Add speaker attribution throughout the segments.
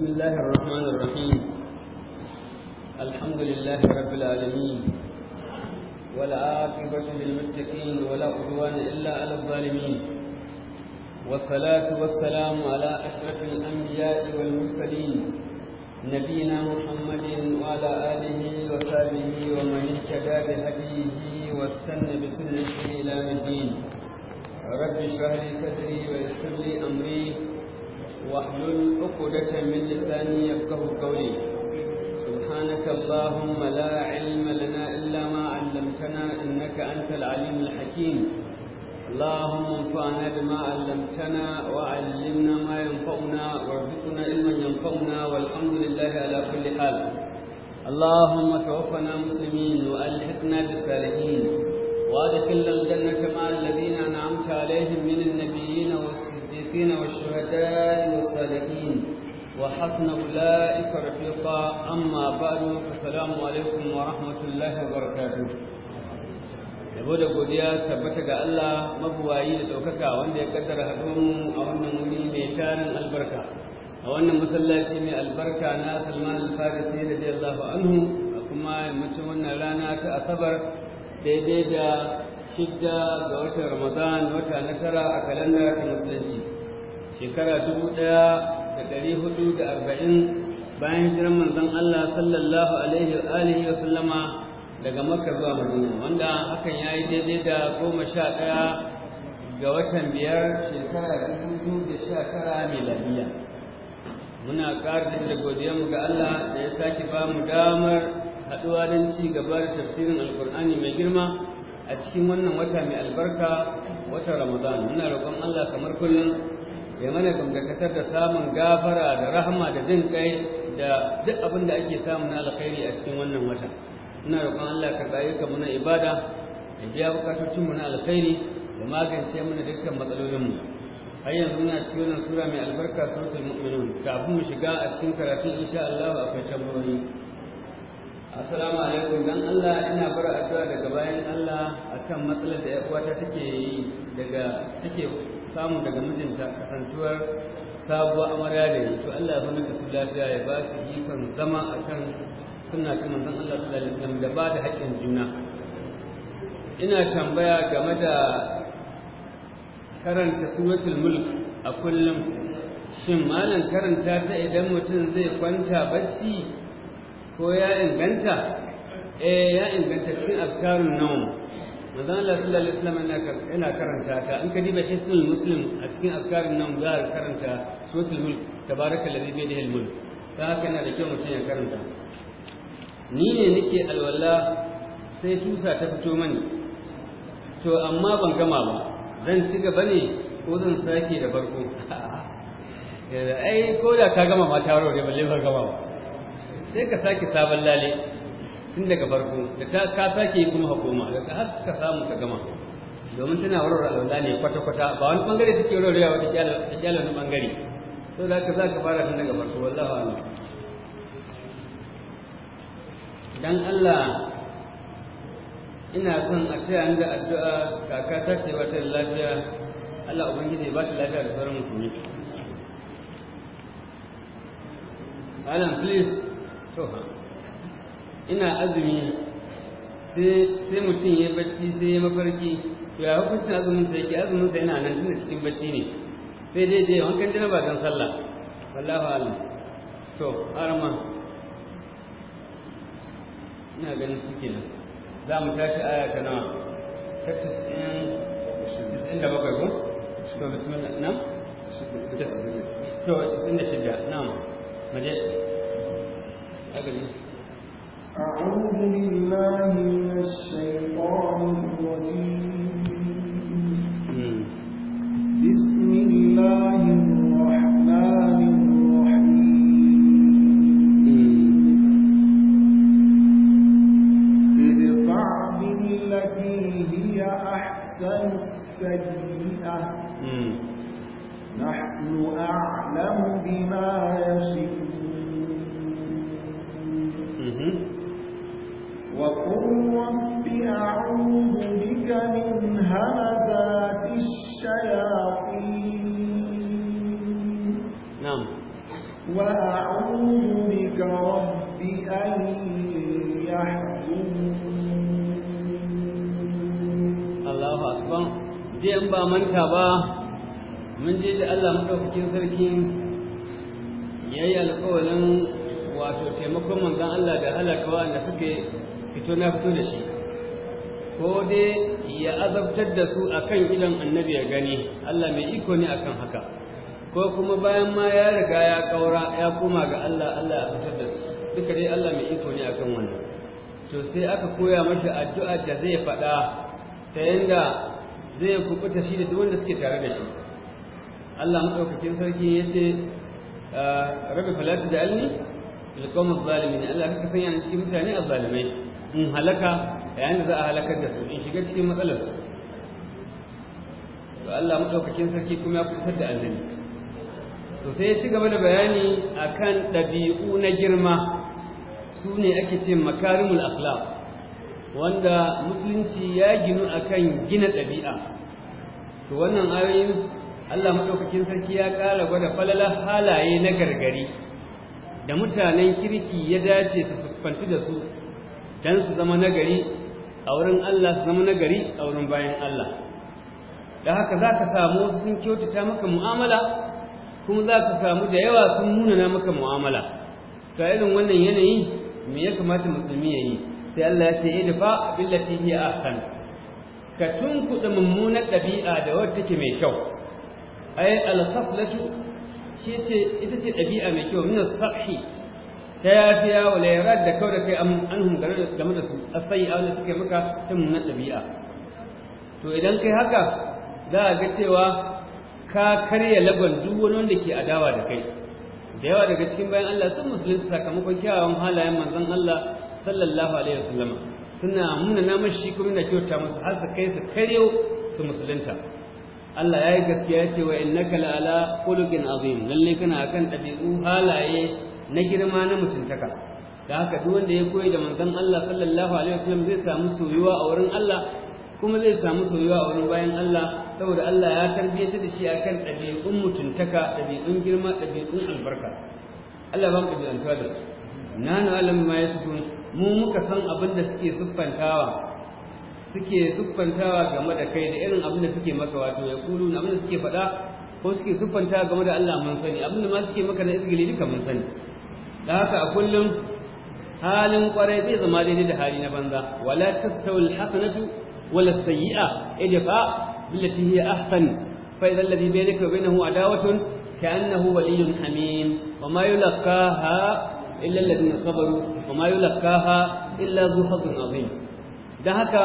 Speaker 1: بسم الله الرحمن الرحيم الحمد لله رب العالمين والعاقبة للمتقين ولا عدوان إلا على الظالمين والصلاة والسلام على أشرف الأنبياء والمرسلين نبينا محمد وعلى آله وصحبه ومن اهتدى بهديه واستنى بسنته إلى الدين رب اشرح لي صدري ويسر لي أمري واحلل عقدة من لساني يفقه قولي سبحانك اللهم لا علم لنا إلا ما علمتنا إنك أنت العليم الحكيم اللهم انفعنا بما علمتنا وعلمنا ما ينفعنا وارزقنا علما ينفعنا والحمد لله على كل حال اللهم توفنا مسلمين والحقنا بالصالحين وادخلنا الجنة مع الذين أنعمت عليهم من النبيين والصالحين والصديقين والشهداء والصالحين وحسن أولئك رفيقا أما بعد فالسلام عليكم ورحمة الله وبركاته yabo da godiya tabbata ga Allah mabuwayi da ɗaukaka wanda ya kaddara haɗuwanmu a wannan wuri mai tarin albarka a wannan masallaci mai albarka na Salman al-Farisi radiyallahu anhu a kuma yammacin wannan rana ta Asabar daidai da shidda ga watan Ramadan wata nasara a kalandar ta musulunci shekara dubu ɗaya da ɗari hudu da arba'in bayan hijirar manzon Allah sallallahu alaihi wa alihi wa sallama daga Makka zuwa Madina wanda hakan ya yi daidai da goma sha ɗaya ga watan biyar shekara dubu da sha tara miladiya muna ƙara da mu ga Allah da ya sake ba mu damar haɗuwa don ci gaba da tafsirin alkur'ani mai girma a cikin wannan wata mai albarka watan ramadan muna roƙon Allah kamar kullum ya mana gamgakatar da samun gafara da rahama da jin kai da duk abin da ake samu na alkhairi a cikin wannan wata ina roƙon Allah ka bayar ka muna ibada ya biya mu na alkhairi da magance mana dukkan matsalolin mu har yanzu muna cikin wannan sura mai albarka suratul mu'minun kafin mu shiga a cikin karatu insha Allah akwai tambayoyi assalamu alaikum dan Allah ina bar addu'a daga bayan Allah akan matsalar da ƴan uwata take yi daga take samu daga mijinta kasantuwar sabuwar amarya da yi to Allah ya zama maka su lafiya ya ba su ikon zama a kan suna cin manzon Allah sallallahu alaihi wasallam da ba da haƙƙin juna ina tambaya game da karanta suratul mulk a kullum shin malam karanta ta idan mutum zai kwanta bacci ko ya inganta eh ya inganta cikin askarun nawm manzon Allah sallallahu alaihi wasallam yana karanta ta in ka diba hisnul muslim a cikin azkarin nan za ka karanta suratul mulk tabarakallazi bi yadihi mulk ta haka yana da kyau mutum ya karanta ni ne nake alwala sai tusa ta fito mani to amma ban gama ba zan ci gaba ne ko zan sake da farko ai ko da ka gama ma taro ne balle ban gama ba sai ka sake sabon lale tun daga farko da ta ka sake kuma hukuma da har ka samu ta gama domin tana warware alwala ne kwata kwata ba wani bangare take warwarewa wata kyala ta kyala wani bangare so za ka za ka fara tun daga farko wallahi alam dan Allah ina son a taya da addu'a kaka ta ce ba ta lafiya Allah ubangiji ba ta lafiya da sauran musulmi Alan please to ina azumi sai mutum ya bacci sai ya mafarki to ya hukuncin azumin sa ke, azumin sai yana nan tunda cikin bacci ne sai dai dai wankan jina ba sallah wallahu alam to arma ina ganin shi nan za mu tashi aya ta nawa ta bakwai ko to bismillah na to da na mu je
Speaker 2: أعوذ بالله من الشيطان الرجيم بسم الله الرحمن الرحيم ادفع بالتي هي أحسن السيئة نحن أعلم بما
Speaker 1: ba manta ba mun je da Allah madaukakin sarki yayi alƙawarin wato taimakon manzon Allah da halaka da suke fito na fito da shi ko dai ya azabtar da su akan idan annabi ya gani Allah mai iko ne akan haka ko kuma bayan ma ya riga ya kaura ya koma ga Allah Allah ya fitar da su duka dai Allah mai iko ne akan wannan to sai aka koya masa addu'a da zai faɗa ta yanda zai kubuta shi da duk wanda suke tare da shi Allah maɗaukakin sarki ya ce ah, rabbi fala taj'alni fil qawmi zalimin Allah ka sanya ni cikin mutane azzalimai in halaka yayin da za a halakar da su in shiga cikin matsalar su to Allah maɗaukakin sarki kuma ya kubutar da annabi to sai ya ci gaba da bayani akan dabi'u na girma su ne ake ce makarimul akhlaq wanda musulunci ya ginu a kan gina ɗabi'a to wannan ayoyin Allah maɗaukakin sarki ya ƙara gwada falala halaye na gargari da mutanen kirki ya dace su siffanti da su don su zama nagari a wurin Allah su zama nagari a wurin bayan Allah da haka za ka samu wasu sun kyautata maka mu'amala kuma za ka samu da yawa sun munana maka mu'amala ta irin wannan yanayi me ya kamata musulmi ya yi sai Allah ya ce idfa billati hi ahsan ka da mummunar ɗabi'a da wata take mai kyau ay al-khaslatu shi ce ita ce ɗabi'a mai kyau min as ta yafiya wa yarad da kawai da kai anhum game da su as-sayyi'a wani suke maka ta mummunar ɗabi'a to idan kai haka za a ga cewa ka karya lagon duk wani wanda ke adawa da kai da yawa daga cikin bayan Allah sun musulunta sakamakon kyawawan halayen manzon Allah sallallahu alaihi wasallama suna muna na shi kuma na kyauta musu har su kai su karyo su musulunta Allah ya yi gaskiya ya ce wa innaka la'ala khuluqin azim lalle kana akan tabi'u halaye na girma na mutuntaka da haka duk wanda ya koyi da manzon Allah sallallahu alaihi wasallam zai samu soyuwa a wurin Allah kuma zai samu soyuwa a wurin bayan Allah saboda Allah ya tarbiyyata da shi akan ɗabi'un mutuntaka ɗabi'un girma ɗabi'un albarka Allah ba mu ɗabi'antuwa da su nanu alam ma yasbun mu muka san abin da suke siffantawa suke siffantawa game da kai da irin abin da suke maka wato ya kulu abin da suke faɗa ko suke siffantawa game da Allah mun sani abin da ma suke maka na izgili duka mun sani da haka a kullum halin kwarai zai zama daidai da hali na banza wala tastawil hasanatu wala sayyi'a idfa billati hiya ahsan fa idha alladhi bainaka wa bainahu adawatun ka'annahu waliyyun hamim wa ma yulqaha illa alladhina sabaru wa ma yulqaha illa zu hazin azim Don haka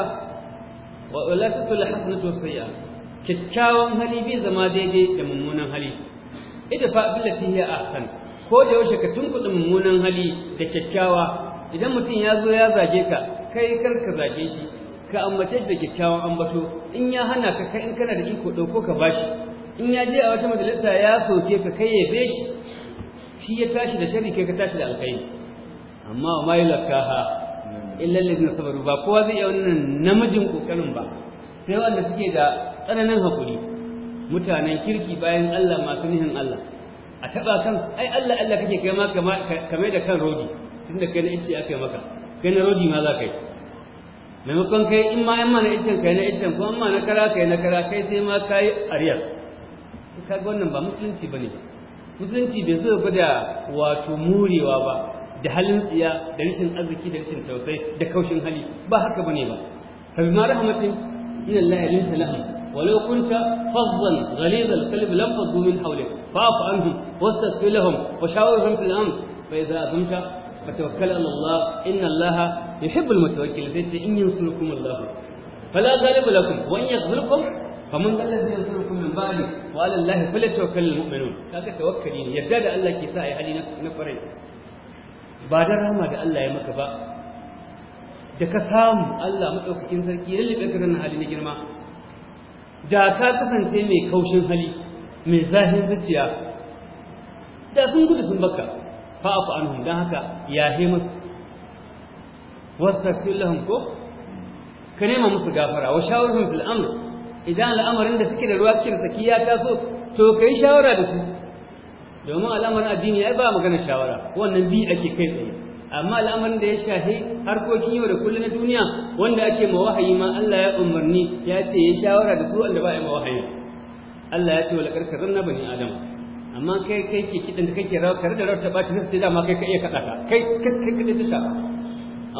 Speaker 1: wa la tasul hasanatu sayya hali bai zama daidai da mummunan hali idfa billati a ko da yaushe ka tunkuɗe mummunan hali da kyakkyawa idan mutum ya zo ya zage ka kai kar ka zage shi ka ambace shi da kyakkyawan ambato in ya hana ka kai in kana da iko ɗauko ka bashi in ya je a wata majalisa ya soke ka kai ya be shi ya tashi da shari kai ka tashi da alkhairi amma ma yulakaha illa allazina sabaru ba kowa zai iya wannan namijin kokarin ba sai wanda suke da tsananin hakuri mutanen kirki bayan Allah masu nihin Allah a taba kan ai Allah Allah kake kai ma kamar da kan rodi tunda kai na ice ya kai maka kai na rodi ma za ka yi maimakon kai in ma yan na iccen kai na iccen ko amma na kara kai na kara kai sai ma kai ariyar kaga wannan ba musulunci bane musulunci bai so ya gwada wato murewa ba da halin tsiya da rashin arziki da rashin tausayi da kaushin hali ba haka bane ba fa bima rahmatin min Allah linta lahum walau kunta faddan ghalid al-qalb lam faddu min hawlik wastaghfir lahum wa shawirhum fil amr fa azamta ala Allah inna Allah yuhibbu al ce in yansurukum Allah fala ghaliba lakum wa in yaghfirkum faman alladhi yansurukum min ba'di tawakkali ne da Allah ke sa na ba da rahama da Allah ya maka ba da ka samu Allah maɗaukakin sarki ya lullube ka nan hali na girma da ka kasance mai kaushin hali mai zahin zuciya da sun gudu sun baka fa'afu anhum don haka ya yahe musu wastaghfir lahum ko ka nema musu gafara wa shawarhum fil amr idan al'amarin da suke da ruwa cikin tsakiya ta so, to kai shawara da su domin al'amarin addini ai ba magana shawara wannan bi ake kai tsaye amma al'amarin da ya shafi harkokin yau da kullum na duniya wanda ake ma wahayi ma Allah ya umarni ya ce ya shawara da su wanda ba ya ma wahayi Allah ya ce wala karkarar na bani adam amma kai kai ke kidan da kake rawa kare da rawar ta baci sai dama kai ka iya kada ka kai kai kai ta shafa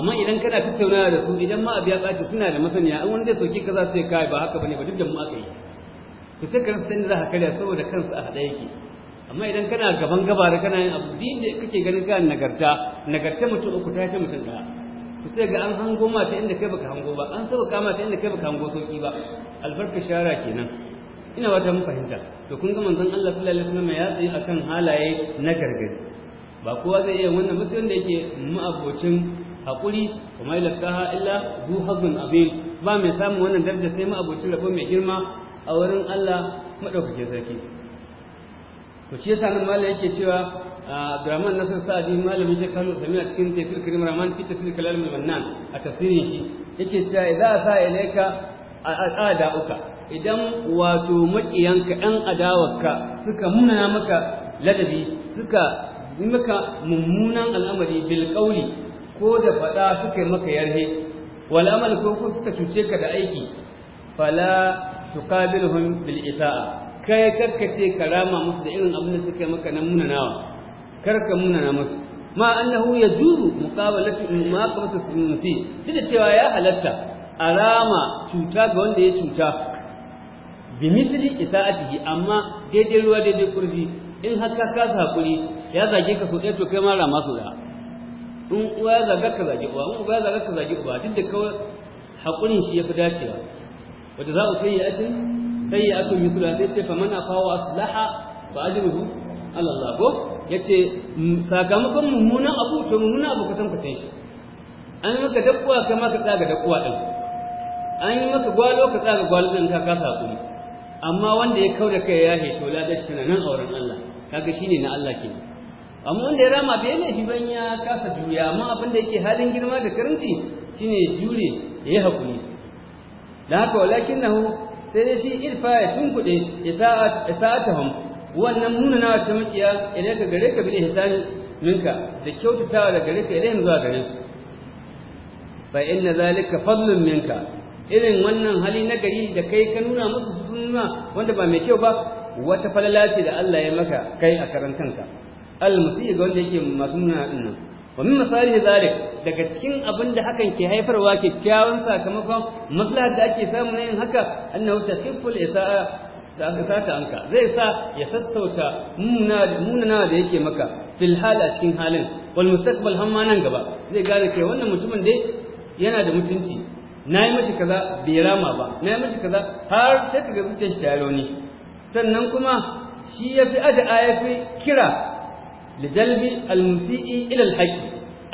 Speaker 1: amma idan kana tattaunawa da su idan ma abiya baci suna da masaniya an wanda soki kaza sai kai ba haka bane ba duk da mu aka yi ku sai ka rasa za ka karya saboda kansu a hada yake amma idan kana gaban da kana yin abu din da kake ganin ka nagarta nagarta mutum uku ta ce mutum ɗaya ku sai ga an hango ma ta inda kai baka hango ba an sauka ma ta inda kai baka hango sauki ba albarka shara kenan ina wata ta mun fahimta to kun ga manzon Allah sallallahu alaihi wasallam ya tsaye akan halaye na gargadi ba kowa zai iya wannan mutum da yake abocin hakuri kuma ilakaha illa zu hazun abin ba mai samun wannan darajar sai mu abocin rabo mai girma a wurin Allah madaukake sarki to shi yasa nan malam yake cewa Abdurrahman Nasir Sa'adi malamin shi Kano Sami a cikin tafsir Karim Rahman fi tafsir kalar min mannan a tafsirin shi yake cewa idza sa ilayka uka idan wato makiyanka yan adawarka suka munana maka ladabi suka yi maka mummunan al'amari bil ko da faɗa suka yi maka yarhe wal amal ko suka cuce ka da aiki fala tuqabilhum bil isa'a kai karkace ka rama musu da irin abin da suka yi maka na munanawa kar ka munana musu ma annahu yajuzu muqabalatu muqabalatu sunsi duk da cewa ya halatta arama cuta ga wanda ya cuta bi misli ita'atihi amma daidai ruwa daidai kurji in haka ka sa hakuri ya zage ka so to kai ma rama so da in uwa ya zaga ka zage uwa in uba ya zaga ka zage uba duk da kawai hakurin shi ya fi dacewa wata za ya ajin sayyi'atun mithluha sai ce faman afa wa aslaha fa ajruhu ala Allah ko yace sakamakon mummunan abu to mummunan abu kusan kusan shi an yi maka dakkuwa kama ka tsaga dakkuwa din an yi maka gwalo ka tsaga gwalo din ka kasa ku amma wanda ya kauda kai ya he to ladan shi nan auren Allah kaga shine na Allah ke. amma wanda ya rama bai ne hiban ya kasa juya amma abin da yake halin girma da karanci shine jure ya hakuri da haka walakin nahu sai dai shi irfa ya tunkuɗe isa'atahum wannan nuna na wata mukiya idan ka gare ka bi ihsani minka da kyautatawa da gare ka idan zuwa gare su fa inna zalika fadlun minka irin wannan hali na gari da kai ka nuna musu sunna wanda ba mai kyau ba wata falala ce da Allah ya maka kai a karan kanka al musiyi wanda yake masu nuna nan. wa min masalihi zalik daga cikin abin da hakan ke haifarwa kyakkyawan sakamakon maslahar da ake samu na yin haka annahu tasiffu isaa da aka sata anka zai sa ya sassauta munana da yake maka fil hal a cikin halin wal mustaqbal hamma nan gaba zai gane kai wannan mutumin dai yana da mutunci nayi mashi kaza bai rama ba nayi mashi kaza har sai ga zuciyar shi sannan kuma shi yafi ada ayafi kira li jalbi al ilal ila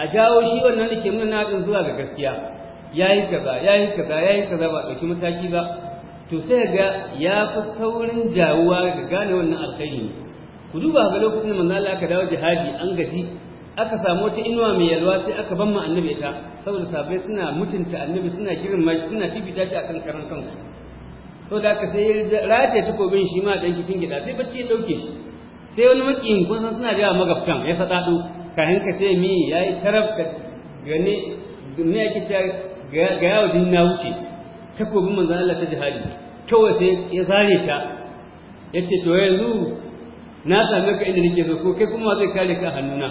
Speaker 1: a jawo shi wannan da ke nuna nadin zuwa ga gaskiya yi kaza yi kaza yi kaza ba ɗauki mataki ba to sai ga ya fi saurin jawuwa ga gane wannan alkhairi ne ku duba ga lokacin manzo Allah aka dawo jihadi an gaji aka samu wata inuwa mai yalwa sai aka ban ma annabi saboda sabai suna mutunta annabi suna girin shi suna fifita shi akan karan kansu to da aka sai rataye takobin shi ma dan kishin gida sai bacci ya dauke shi sai wani makiyin kun san suna da magabtan ya faɗaɗo kafin ka ce mi ya yi taraf ka gane ne yake ta ga yawo din na wuce takobin manzon Allah ta jihadi kawai sai ya zare ta yace to yanzu na same ka inda nake so ko kai kuma zai kare ka hannuna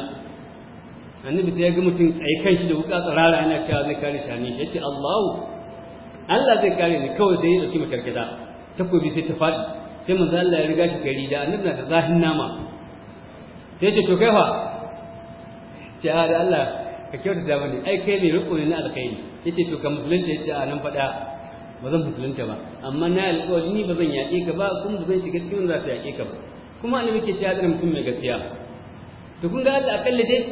Speaker 1: annabi sai ya ga mutum tsaye kan shi da wuka tsarara yana cewa zai kare shi ya ce yace Allahu Allah zai kare ni kawai sai ya dauki makarkata takobi sai ta faɗi sai manzo zalla ya riga shi kai rida annabi na zahin nama sai ce to kai fa ce a da Allah ka da bane ai kai ne riko ne na alkhairi yace to ka musulunta yace a nan fada ba zan musulunta ba amma na alƙawari ni ba zan yaƙe ka ba kun ba zan shiga cikin za su yaƙe ka ba kuma annabi ke shahadar mutum mai gaskiya to kun ga Allah akalla dai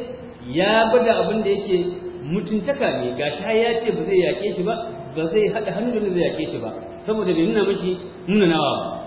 Speaker 1: ya bada abin da yake mutuntaka ne gashi har ya ce ba zai yaƙe shi ba ba zai haɗa hannu da zai yaƙe shi ba saboda bai nuna miki nuna nawa ba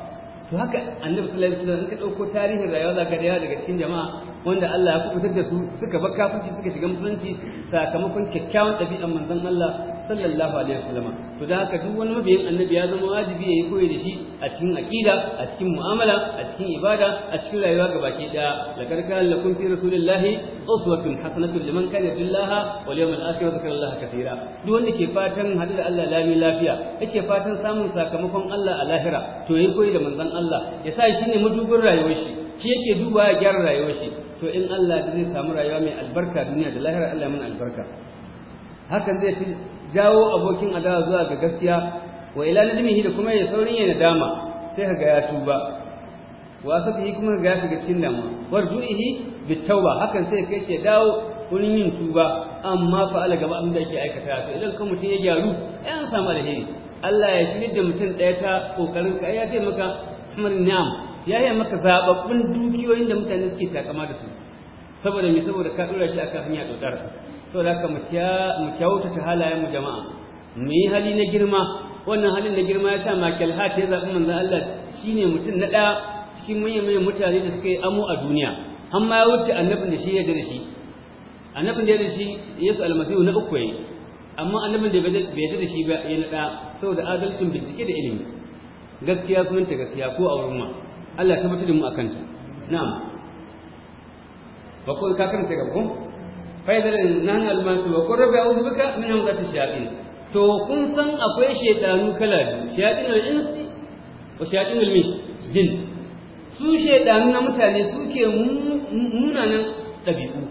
Speaker 1: to haka annabi sallallahu alaihi wasallam in ka dauko tarihin rayuwa zaka da yawa daga cikin jama'a wanda Allah ya kubutar da su suka bar kafirci suka shiga musulunci sakamakon kyakkyawan ɗabi'an manzon Allah sallallahu alaihi wasallama to da haka duk wani mabiyin annabi ya zama wajibi ya yi koyi da shi a cikin aqida a cikin mu'amala a cikin ibada a cikin rayuwa ga baki daya la karka lakum fi rasulillahi uswatun hasanatun liman kana billaha wal yawmil akhir zikrullahi katira duk wanda ke fatan hadu da Allah lami lafiya yake fatan samun sakamakon Allah a lahira to yayi koyi da manzon Allah ya sa shi ne madugun rayuwar shi shi yake duba ya gyara rayuwar shi to in Allah zai samu rayuwa mai albarka duniya da lahira Allah ya mana albarka hakan zai fi jawo abokin adawa zuwa ga gaskiya wa ila nadimihi da kuma ya saurin ya nadama sai ka ga ya tuba wa sabihi kuma ga ya shiga cikin damuwa warjuihi bitauba hakan sai kai shi dawo wurin yin tuba amma fa ala gaba abin da yake aikata to idan kan mutum ya gyaru yan samu alheri Allah ya shirya da mutum ɗaya ta kokarin ka ya taimaka kamar ni'am ya yi maka zababbun dukiyoyin da mutane suke takama da su saboda me saboda ka dora shi akan hanya dotar to da ka mu kyautata halayen mu jama'a mu yi hali na girma wannan halin na girma ya sa Michael Hart ya zaɓi manzan Allah shi ne mutum na ɗaya cikin manyan mutane da suka yi amo a duniya har ma ya wuce annabin da shi ya da shi annabin da ya da shi Yesu almasihu na uku yayi amma annabin da bai yarda da shi ba ya na ɗaya saboda adalcin bincike da ilimi gaskiya ta gaskiya ko a wurin ma Allah ya mutu da mu a ta na'am ba ko ka karanta gaba ko faizal nan almasu wa qur rabbi a'udhu bika min hamzati shayatin to kun san akwai shaytanu kala biyu shayatinul insi wa shayatinul min jin su shaytanu na mutane suke munanan dabi'u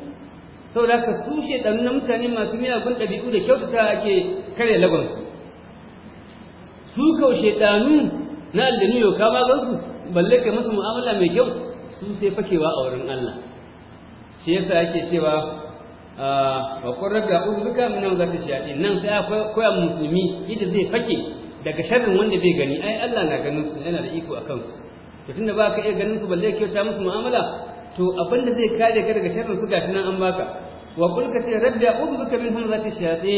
Speaker 1: saboda haka su shaytanu na mutane masu miyagun dabi'u da kyautata ake kare lagonsu su kau shaidanu na aljanu yau ka ba su balle ka musu mu'amala mai kyau su sai fakewa a wurin Allah shi yasa yake cewa Ah, wa qurra ga uzbika min nazati shaɗi nan sai akwai koyan musulmi ita zai fake daga sharrin wanda bai gani ai Allah na ganin su yana da iko akan su to tunda ba ka iya ganin su balle ta musu mu'amala to abin da zai kare ka daga sharrin su gashi nan an baka wa qul ka ce rabbi a'udhuka min hamzati shaɗi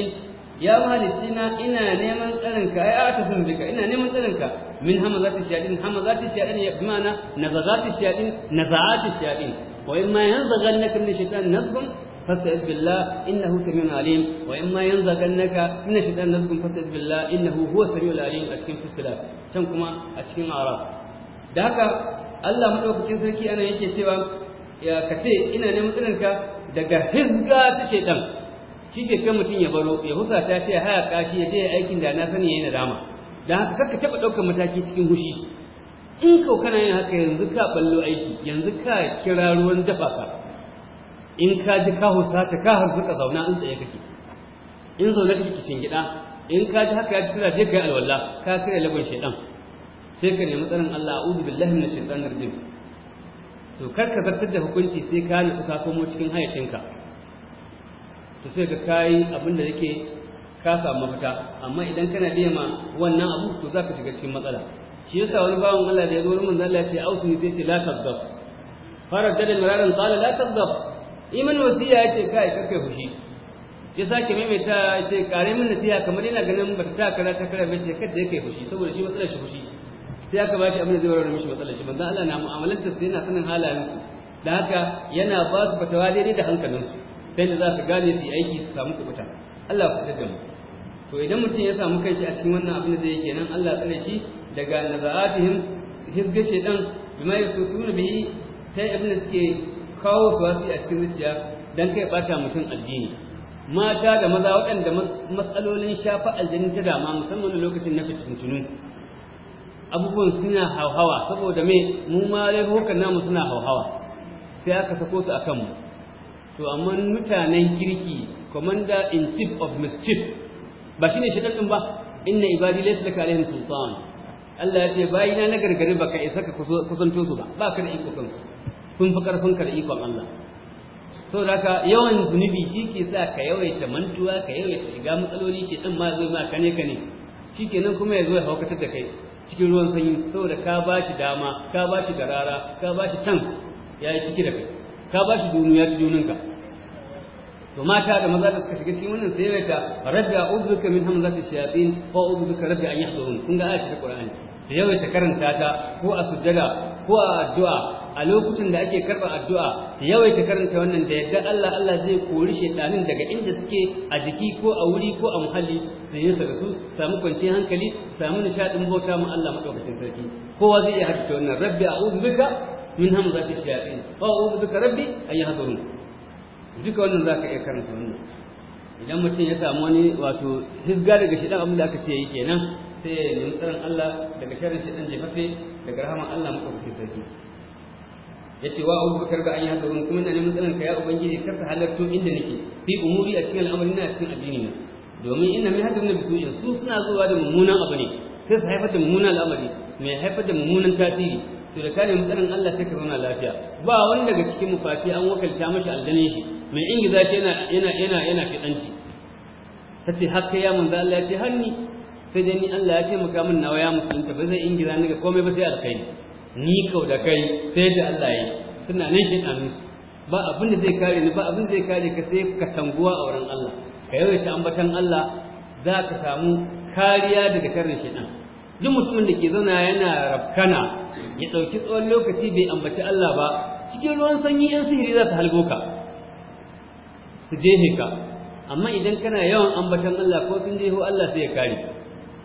Speaker 1: ya mahalicina ina neman tsarinka ai a ta bika ina neman tsarinka min hamazati shayatin hamazati shayatin ya bi mana nazazati shayatin nazazati ta wa in ma yanzaghannaka min shaytan nazghun فاستعذ بالله انه سميع عليم واما ينزغنك من الشيطان نزغ فاستعذ بالله انه هو السميع العليم a cikin fusila can kuma a cikin ara da haka Allah madaukakin sarki ana yake cewa ya kace ina ne tsarinka daga hizga ta shaytan shi ke kan mutum ya baro ya husa ta ce haya kashi ya je aikin da na sani yayin nadama dan haka ka taba daukar mataki cikin hushi in kau kana yin haka yanzu ka ballo aiki yanzu ka kira ruwan dafa ka in ka ji ka ta ka harzuka zauna in tsaye kake in zaune kake kishin gida in ka ji haka ya ji tura je kai alwala ka kare lagon shedan sai ka nemi tsarin Allah a'udhu billahi minash shaitanir rajim to kar ka zartar da hukunci sai ka nutsu ka komo cikin hayyacinka. to sai ka kai abin da yake ka samu mafita amma idan kana lema wannan abu to za ka shiga cikin matsala shi yasa wani bawan Allah da ya zo wurin manzo Allah ya ce ausni sai ce la tazdab fara dalil mararan qala la tazdab imin wasiya ya ce kai karfe fushi ya sake maimaita ya ce kare min nasiha kamar yana ganin ba ta kara ta kara mace kada ya kai fushi saboda shi matsalar shi fushi sai aka bashi abin da zai warware mishi matsalar shi banza Allah na mu'amalanta su yana sanin halayen su da haka yana ba su fatawa daidai da hankalinsu sai da za su gane su yi aiki su samu kubuta Allah ku fitar da mu to idan mutum ya samu kanshi a cikin wannan abin da zai kenan Allah tsare shi daga naza'atihim hizgashe dan bima yasusuna bihi sai abin da suke kawo wasi a cikin zuciya don kai bata mutum addini mata da maza waɗanda matsalolin shafa aljini ta dama musamman lokacin na fitintunu abubuwan suna hauhawa saboda me mu ma laifukan namu suna hauhawa sai aka sako su a kanmu. to amma mutanen kirki commander in chief of mischief ba shine shi dan ba inna ibadi laysa laka alaihim sultan Allah ya ce bayina na gargari baka isa ka kusanto su ba ba ka da iko kansu sun fi ƙarfin ka da ikon Allah so da ka yawan zunubi shi ke sa ka yawaita mantuwa ka yawaita shiga matsaloli shi din ma zai ma kane kane nan kuma ya zo ya haukatar da kai cikin ruwan sanyi saboda ka ba shi dama ka ba shi garara ka ba shi can ya yi ciki da kai ka ba shi dunu ya ci dununka to mata da maza da suka shiga cikin wannan sai yawaita rabbi a'udhuka min hamza hamzati shayatin wa a'udhuka rabbi an yahdurun kun ga ayatul qur'ani da yawaita karanta ta ko a sujjada ko a addu'a a lokacin da ake karɓar addu'a yawaita karanta wannan da yadda Allah Allah zai kori shedanin daga inda suke a jiki ko a wuri ko a muhalli su yi da su samu kwanciyar hankali samu nishaɗin bauta mu Allah maɗaukacin sarki kowa zai iya haddace wannan rabbi a a'udhu bika min hamzati ko a a'udhu bika rabbi an yahdurun duka wannan ka iya karanta wannan idan mutum ya samu wani wato hizga daga shedan abin da aka ce yi kenan sai ya nemi tsaron Allah daga sharrin shedan jefafe daga rahama Allah maɗaukacin sarki Ya ce, wa abubakar ba an yi haka wurin kuma ina neman tsaron ka ya ubangiji kar ka halarto inda nake fi umuri a cikin al'amari na cikin addini na domin ina mai hadu na bisu'in su suna zuwa da mummunan abu ne sai su haifar da mummunan al'amari mai haifar da mummunan tasiri to da kare mutsarin Allah sai ka zauna lafiya ba wani daga cikin mu face an wakalta mashi aljanin shi mai ingiza shi yana yana yana yana fitanci tace haka ya manzo Allah ya ce sai dai ni Allah ya taimaka min nawa ya musulunta ba zai ingiza ni ga komai ba sai alkhairi ni kau da kai sai da Allah ya yi suna nan shi ba abin da zai kare ni ba abin da zai kare ka sai ka tanguwa a wurin Allah ka yawaita ambatan Allah za ka samu kariya daga karin shi ɗan duk mutumin da ke zauna yana rafkana ya ɗauki tsawon lokaci bai ambaci Allah ba cikin ruwan sanyi yan sihiri za su halgo ka su jefe ka amma idan kana yawan ambatan Allah ko sun jeho Allah sai ya kare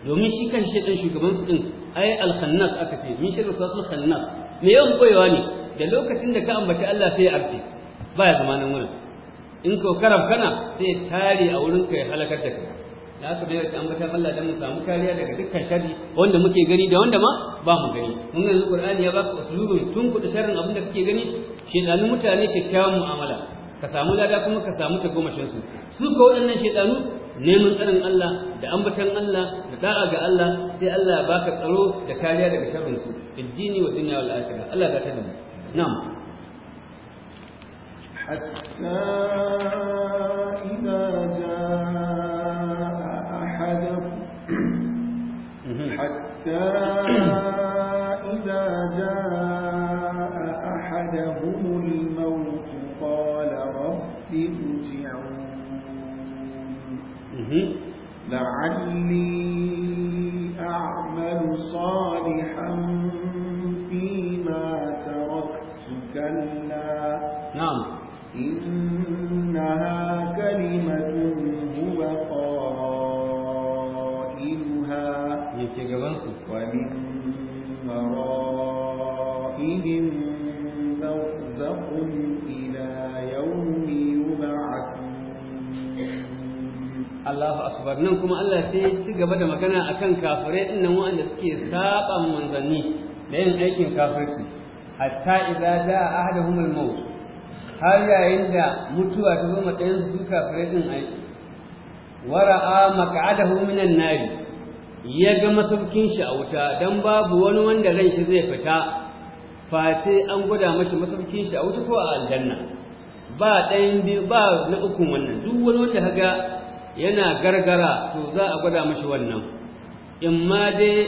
Speaker 1: domin shi kan shi ɗan shugaban su ɗin ai al-khannas aka ce min shirin sasul khannas me yawan koyewa ne da lokacin da ka ambaci Allah sai ya arce baya zamanin wurin in ko karab kana sai tare a wurin ka ya halakar da kai da aka bayar da ambatan Allah dan mu samu kariya daga dukkan sharri wanda muke gani da wanda ma ba mu gani mun yanzu Qur'ani ya baka usulubin tun da sharrin abin da kake gani shedanin mutane kyakkyawan mu'amala ka samu lada kuma ka samu tagomashin su su ko waɗannan shedanu neman tsarin Allah da anbatan Allah da da'a ga Allah sai Allah ya baka tsaro da kariya daga sharrin su addini wa dunya wal akhirah Allah ya ta mu na'am
Speaker 2: hatta idza jaa mhm. hatta idza jaa لعلي أعمل صالحا فيما تركت كلا نعم إنها
Speaker 1: Allahu akbar nan kuma Allah sai ya ci gaba da magana akan kafirai din nan wanda suke saba manzanni da yin aikin kafirci hatta idza jaa ahaduhum al-maut har yayin da mutuwa ta zo matsayin su kafirai din ai wara'a maq'adahu an nari ya ga masaukin shi a wuta dan babu wani wanda ran shi zai fita face an gwada mashi masaukin shi a wuta ko a aljanna ba ɗayan biyu ba na ukun wannan duk wani wanda kaga yana gargara to za a gwada mashi wannan in ma dai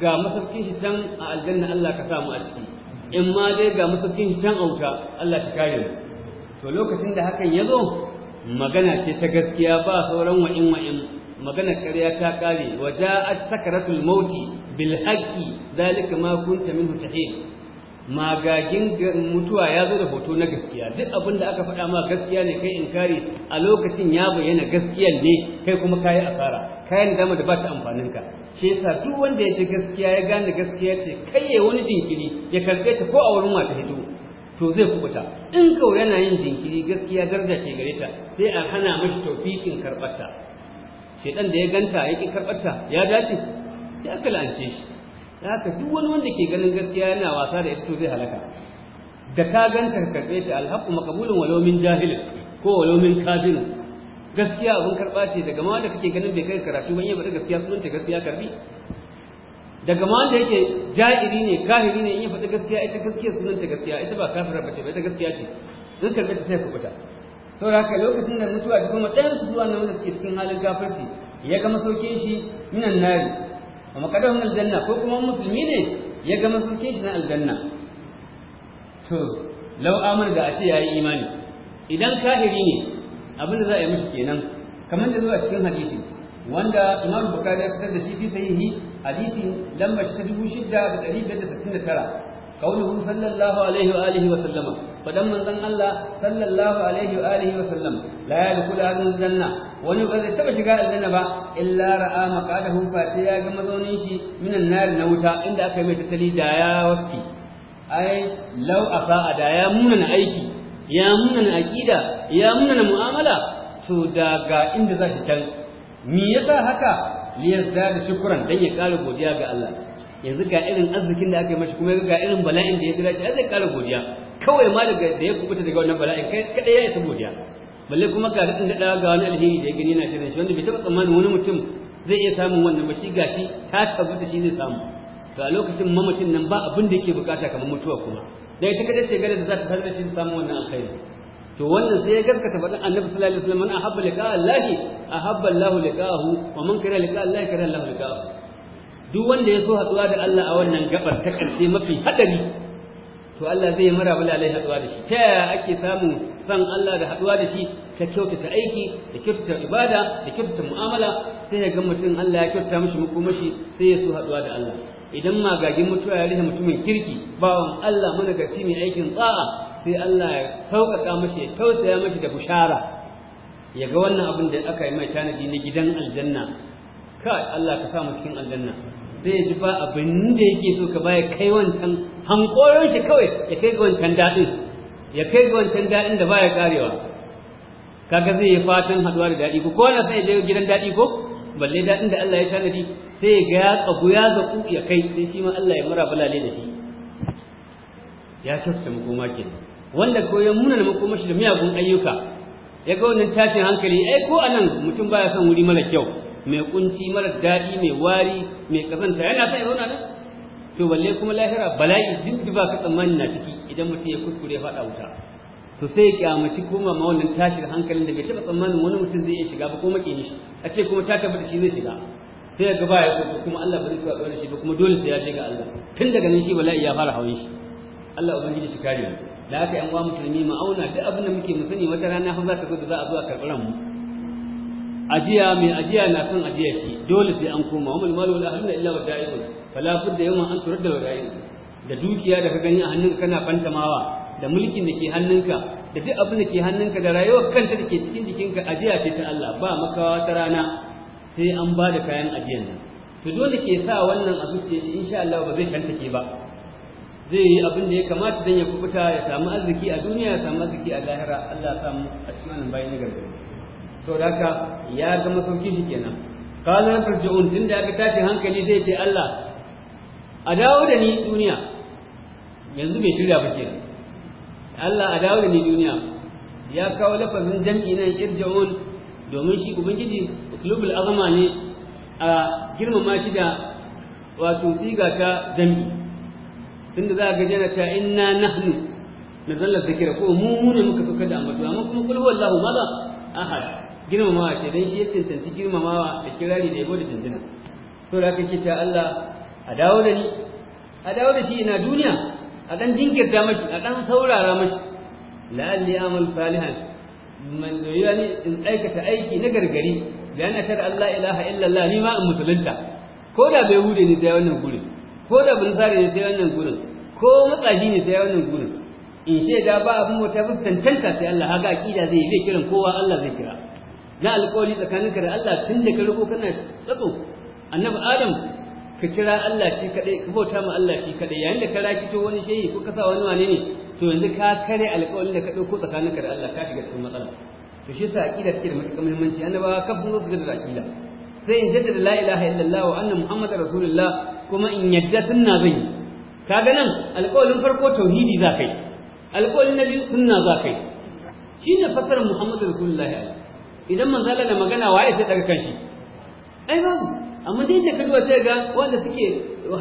Speaker 1: ga masaukin shi can a aljanna Allah ka samu a ciki in ma dai ga masaukin shi can a wuta Allah ka kare mu to lokacin da hakan ya zo magana ce ta gaskiya ba sauran wa'in wa'in magana ƙarya ta kare waja'at sakaratul mauti bil haqqi zalika ma kunta minhu tahid magagin mutuwa ya zo da hoto na gaskiya duk abin da aka faɗa ma gaskiya ne kai inkari a lokacin ya bayyana gaskiya ne kai kuma kayi asara kayan dama da ba ta amfanin ka shi yasa duk wanda ya ji gaskiya ya gane gaskiya ce kai ya wani jinkiri ya karɓe ta ko a wurin wata hito to zai kubuta in kawai yana yin jinkiri gaskiya daraja ce gare ta sai a hana mashi taufikin karɓarta shedan da ya ganta ya ki karɓarta ya dace sai aka la'ance shi haka duk wani wanda ke ganin gaskiya yana wasa da ita zai halaka da ka ganta ka karɓe ta alhaqu maqbulun walau min jahilin ko walau min kafirin gaskiya abin karɓa ce daga ma wanda kake ganin bai kai karatu ban yi faɗi gaskiya ta gaskiya karbi daga ma wanda yake ja'iri ne kahiri ne in ya faɗi gaskiya ita gaskiya ta gaskiya ita ba kafira ba ce ba ita gaskiya ce in karɓe ta sai ku kuta saboda haka lokacin da mutuwa ta kuma ɗayan su zuwa na wanda suke cikin halin gafarci ya ga masaukin shi minan nari amma kada mun aljanna ko kuma musulmi ne ya ga mafarki shi na aljanna to lau amur da ashe yayi imani idan kafiri ne abin da za a yi miki kenan kamar da zuwa cikin hadisi wanda imam bukari ya fitar da shi fi sahihi hadisi lambar ta dubu shidda da ɗari biyar da sittin da tara kaulihu sallallahu alaihi wa alihi wa sallama faɗan manzan Allah sallallahu alaihi wa alihi wa sallama la kula al zanna, wani ba zai taba shiga aljanna ba illa ra'a maqadahu fa sai ya ga mazaunin shi minan nar na wuta inda aka yi mai tattali da ya wafi ai law asa'a da ya munana aiki ya munana aqida ya munana mu'amala to daga inda za shi can me yasa haka da shukran dan ya ƙara godiya ga Allah yanzu ga irin arzikin da aka yi mashi kuma ga irin bala'in da ya jira shi zai ƙara godiya kawai ma daga da ya kubuta daga wannan bala'in kai kada ya isa godiya balle kuma ga rikin da ga wani alheri da ya gani na shirin shi wanda bai taɓa tsammanin wani mutum zai iya samun wannan ba shi gashi ta tabbata shi zai samu to a lokacin mamacin nan ba abin da yake bukata kamar mutuwa kuma da ita kada ce gare da za ta fara da shi samun wannan alheri to wannan sai ya gaskata faɗin annabi sallallahu alaihi wasallam ahabba liqa Allah ahabba Allah liqahu wa man kariha liqa Allah kariha Allah liqahu duk wanda ya so haɗuwa da Allah a wannan gabar ta ƙarshe mafi hadari to Allah zai yi marabula lalai haduwa da shi ta yaya ake samun san Allah da haduwa da shi ta kyautata aiki da kyautata ibada da kyautata mu'amala sai ya ga mutum Allah ya kyauta mishi makomashi sai ya so haduwa da Allah idan magagin mutuwa ya rike mutumin kirki bawan Allah managaci mai aikin tsa'a sai Allah ya sauƙaƙa mashi ya tausaya mashi da bushara ya ga wannan abin da aka yi mai tanadi na gidan aljanna kai Allah ka sa mu cikin aljanna sai ya ji ba abin da yake so ka baya kai wancan hankoyon shi kawai ya kai ga wancan daɗin ya kai ga wancan daɗin da baya karewa kaga zai yi fatan haɗuwa da daɗi ko ko na sai je gidan daɗi ko balle daɗin da Allah ya tanadi sai ga ya tsagu ya zaku ya kai sai shi ma Allah ya mara balale da shi ya kyauta makoma ke wanda ko ya muna da da miyagun ayyuka ya ga wannan tashin hankali ai ko anan mutum baya son wuri mara kyau mai kunci mara daɗi mai wari mai kazanta yana sai ya zauna nan to balle kuma lahira bala'i duk ba ka tsammani na ciki idan mutum ya kuskure faɗa wuta to sai ya kyamaci kuma ma wannan tashin hankalin da bai taɓa tsammanin wani mutum zai iya shiga ba ko makini shi a ce kuma ta tabbata shi zai shiga sai ya gaba ya kuma Allah bari su tuwa ƙaunar shi ba kuma dole sai ya je ga Allah tun daga nan shi bala'i ya fara hawan shi Allah ubangiji shi kare mu da haka yan uwa musulmi mu auna duk abin da muke mu sani wata rana fa za ta zo da za a zo a karɓar mu ajiya mai ajiya na son ajiya shi dole sai an koma wa malmalu la la illa wa fala da yawan an turar da wagayin da dukiya da ka gani a hannunka kana fantamawa da mulkin da ke hannunka da duk abin da ke hannunka da rayuwar kanta da ke cikin jikinka ajiya ce ta Allah ba makawa ta rana sai an ba da kayan ajiyan nan to dole ke sa wannan a zuciya shi insha Allah ba zai shantake ba zai yi abin da ya kamata dan ya kubuta ya samu arziki a duniya ya samu arziki a lahira Allah ya samu a cikin nan bayan gargaɗi to da haka ya ga masauki shi kenan qala tarji'un tunda aka tashi hankali zai ce Allah a dawo da ni duniya yanzu mai shirya ba kenan Allah a dawo da ni duniya ya kawo lafazin jam'i na irja'un domin shi ubangiji uklubul azama ne a girmama shi da wato siga ta jam'i tunda za ga jana ta inna nahnu nazalla zikra ko mu mu ne muka saukar da ambato amma kuma kul huwallahu maza ahad girmamawa ce dan shi ya cancanci girmamawa da kirari da yabo da jinjina to da kake ta Allah a dawo da ni a dawo da shi ina duniya a dan jinkirta mashi a dan saurara mashi la'alli amal salihan man doyani in aikata aiki na gargari da yana shar Allah ilaha illallah ni ma in musulunta ko da bai hude ne sai wannan gurin ko da bin sare ne sai wannan gurin ko matsaji ne sai wannan gurin in da ba abin wata fuskantanta sai Allah haka aqida zai zai kiran kowa Allah zai kira na alƙawari tsakaninka da Allah tun da ka rubo kana tsatso annabi Adam ka kira Allah shi kaɗai, ka bauta ma Allah shi kaɗai, yayin da ka rakito wani shehi ko ka sa wani wane ne to yanzu ka kare alƙawarin da ka ɗauko tsakaninka da Allah ka shiga cikin matsala to shi yasa aqida take da matuƙar muhimmanci An ba ka su zuwa da aqida sai in jaddada la ilaha illallah wa anna muhammadar rasulullah kuma in yadda sunna zai ga nan alƙawarin farko tauhidi za kai alƙawarin na biyu sunna za kai ne fassarar muhammadar rasulullah idan manzo Allah da magana waye sai daga kanshi ai babu amma dai da kaduwa sai ga wanda suke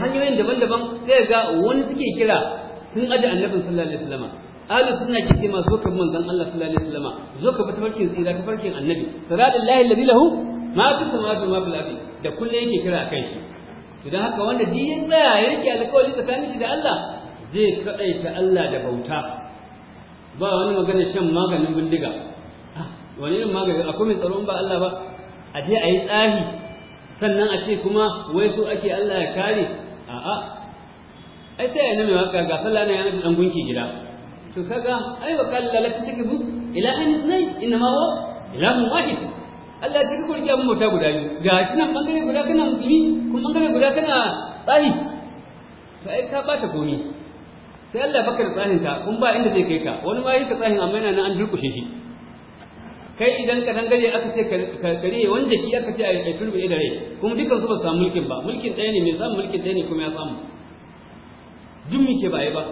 Speaker 1: hanyoyin daban-daban sai ga wani suke kira sun aje annabin sallallahu alaihi wasallam ahlus sunna ke ce ma zo ka manzon Allah sallallahu alaihi wasallam zo ka fita farkin tsira ka farkin annabi sallallahu alaihi lahu ma fi samawati ma fil ardi da kullu yake kira kai shi to dan haka wanda din ya tsaya ya rike alƙawari tsakanin shi da Allah zai kadaita Allah da bauta ba wani magana shan maganin bindiga ah, wani irin magani akwai mai tsaron ba Allah ba a je a yi tsahi sannan a ce kuma wai so ake Allah ya kare a'a ai sai ya nuna waka ga sallah ne yana da dan gunki gida to kaga ai wa kalla la tashakibu ilahin isnai ma huwa ilahun wahid Allah ya kurki abun bauta guda biyu ga shi nan bangare guda kana musulmi kuma bangare guda kana tsahi Sai ka ba ta komi sai Allah baka da tsahin ta kun ba inda zai kai ka wani ma yi ka tsahin amma yana nan an durkushe shi kai idan ka dangare aka ce kare wanda shi aka ce a yi turbe da rai kuma dukkan su ba su samu mulkin ba mulkin ɗaya ne mai samun mulkin ɗaya ne kuma ya samu jin ke ba ba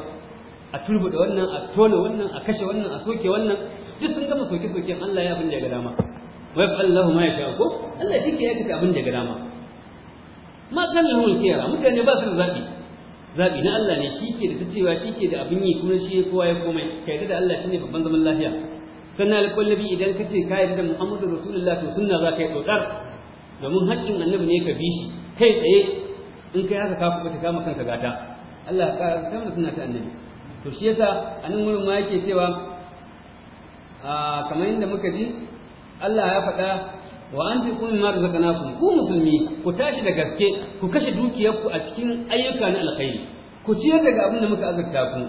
Speaker 1: a da wannan a tona wannan a kashe wannan a soke wannan duk sun gama soke soke Allah ya abin da ya ga dama wa Allah ma ya ko Allah shi ke aikata abin da ya ga dama ma kan lahul kiyara mutane ba su da zabi zabi na Allah ne shi ke da ta cewa shi ke da abin yi kuma shi kowa ya komai kai da Allah shine babban zaman lafiya sannan alƙullabi idan ka ce ka yarda da muhammadu rasulullah to sunna za ka yi tsokar domin haƙƙin annabi ne ka bi shi kai tsaye in ka haka ka kuka ta kama kanka gata Allah ka kama da sunna ta annabi to shi yasa a nan wurin ma yake cewa kamar yadda muka ji Allah ya faɗa wa an fi kun ma razaqnakum ku musulmi ku tashi da gaske ku kashe dukiyarku a cikin ayyuka na alkhairi ku ciyar daga abin da muka azurta ku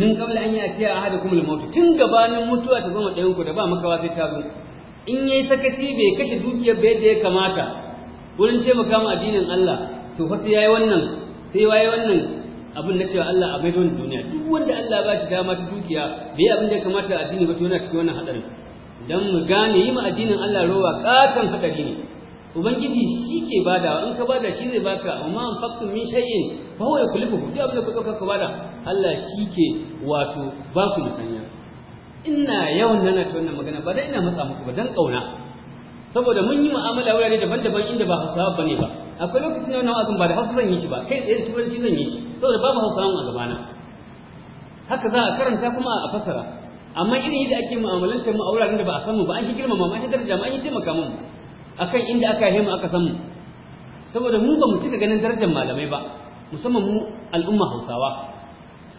Speaker 1: min kabla an ya'tiya hada kuma maut tun gabanin mutuwa ta zama ɗayan ku da ba makawa sai ta zo in yayi sakaci bai kashe dukiyar bai da ya kamata wurin taimaka ma addinin Allah to fa sai yayi wannan sai yayi wannan abin da cewa Allah a mai don duniya duk wanda Allah ba shi dama ta dukiya bai abin da ya kamata addini ba to yana cikin wannan hadarin dan mu gane yi ma addinin Allah rowa katan hadari ne ubangiji shi ke bada in ka bada shi zai baka amma an faktun min shay'in fa huwa yukhlifuhu duk abin da ka dauka ka bada Allah shi ke wato ba ku musanya ina yawan nana ta wannan magana ba dai ina matsa muku ba dan kauna saboda mun yi mu'amala wurare daban-daban inda ba Hausawa ba ne ba akwai lokacin wannan wa'azin ba da Hausa zan yi shi ba kai tsaye da Turanci zan yi shi saboda babu Hausawan a gabana haka za a karanta kuma a fasara amma irin yadda ake mu'amalantar mu a wuraren da ba a san mu ba an yi girmama mu an yi daraja mu an yi taimaka mu akan inda aka haife aka san mu saboda mu ba mu cika ganin darajar malamai ba musamman mu al'umma Hausawa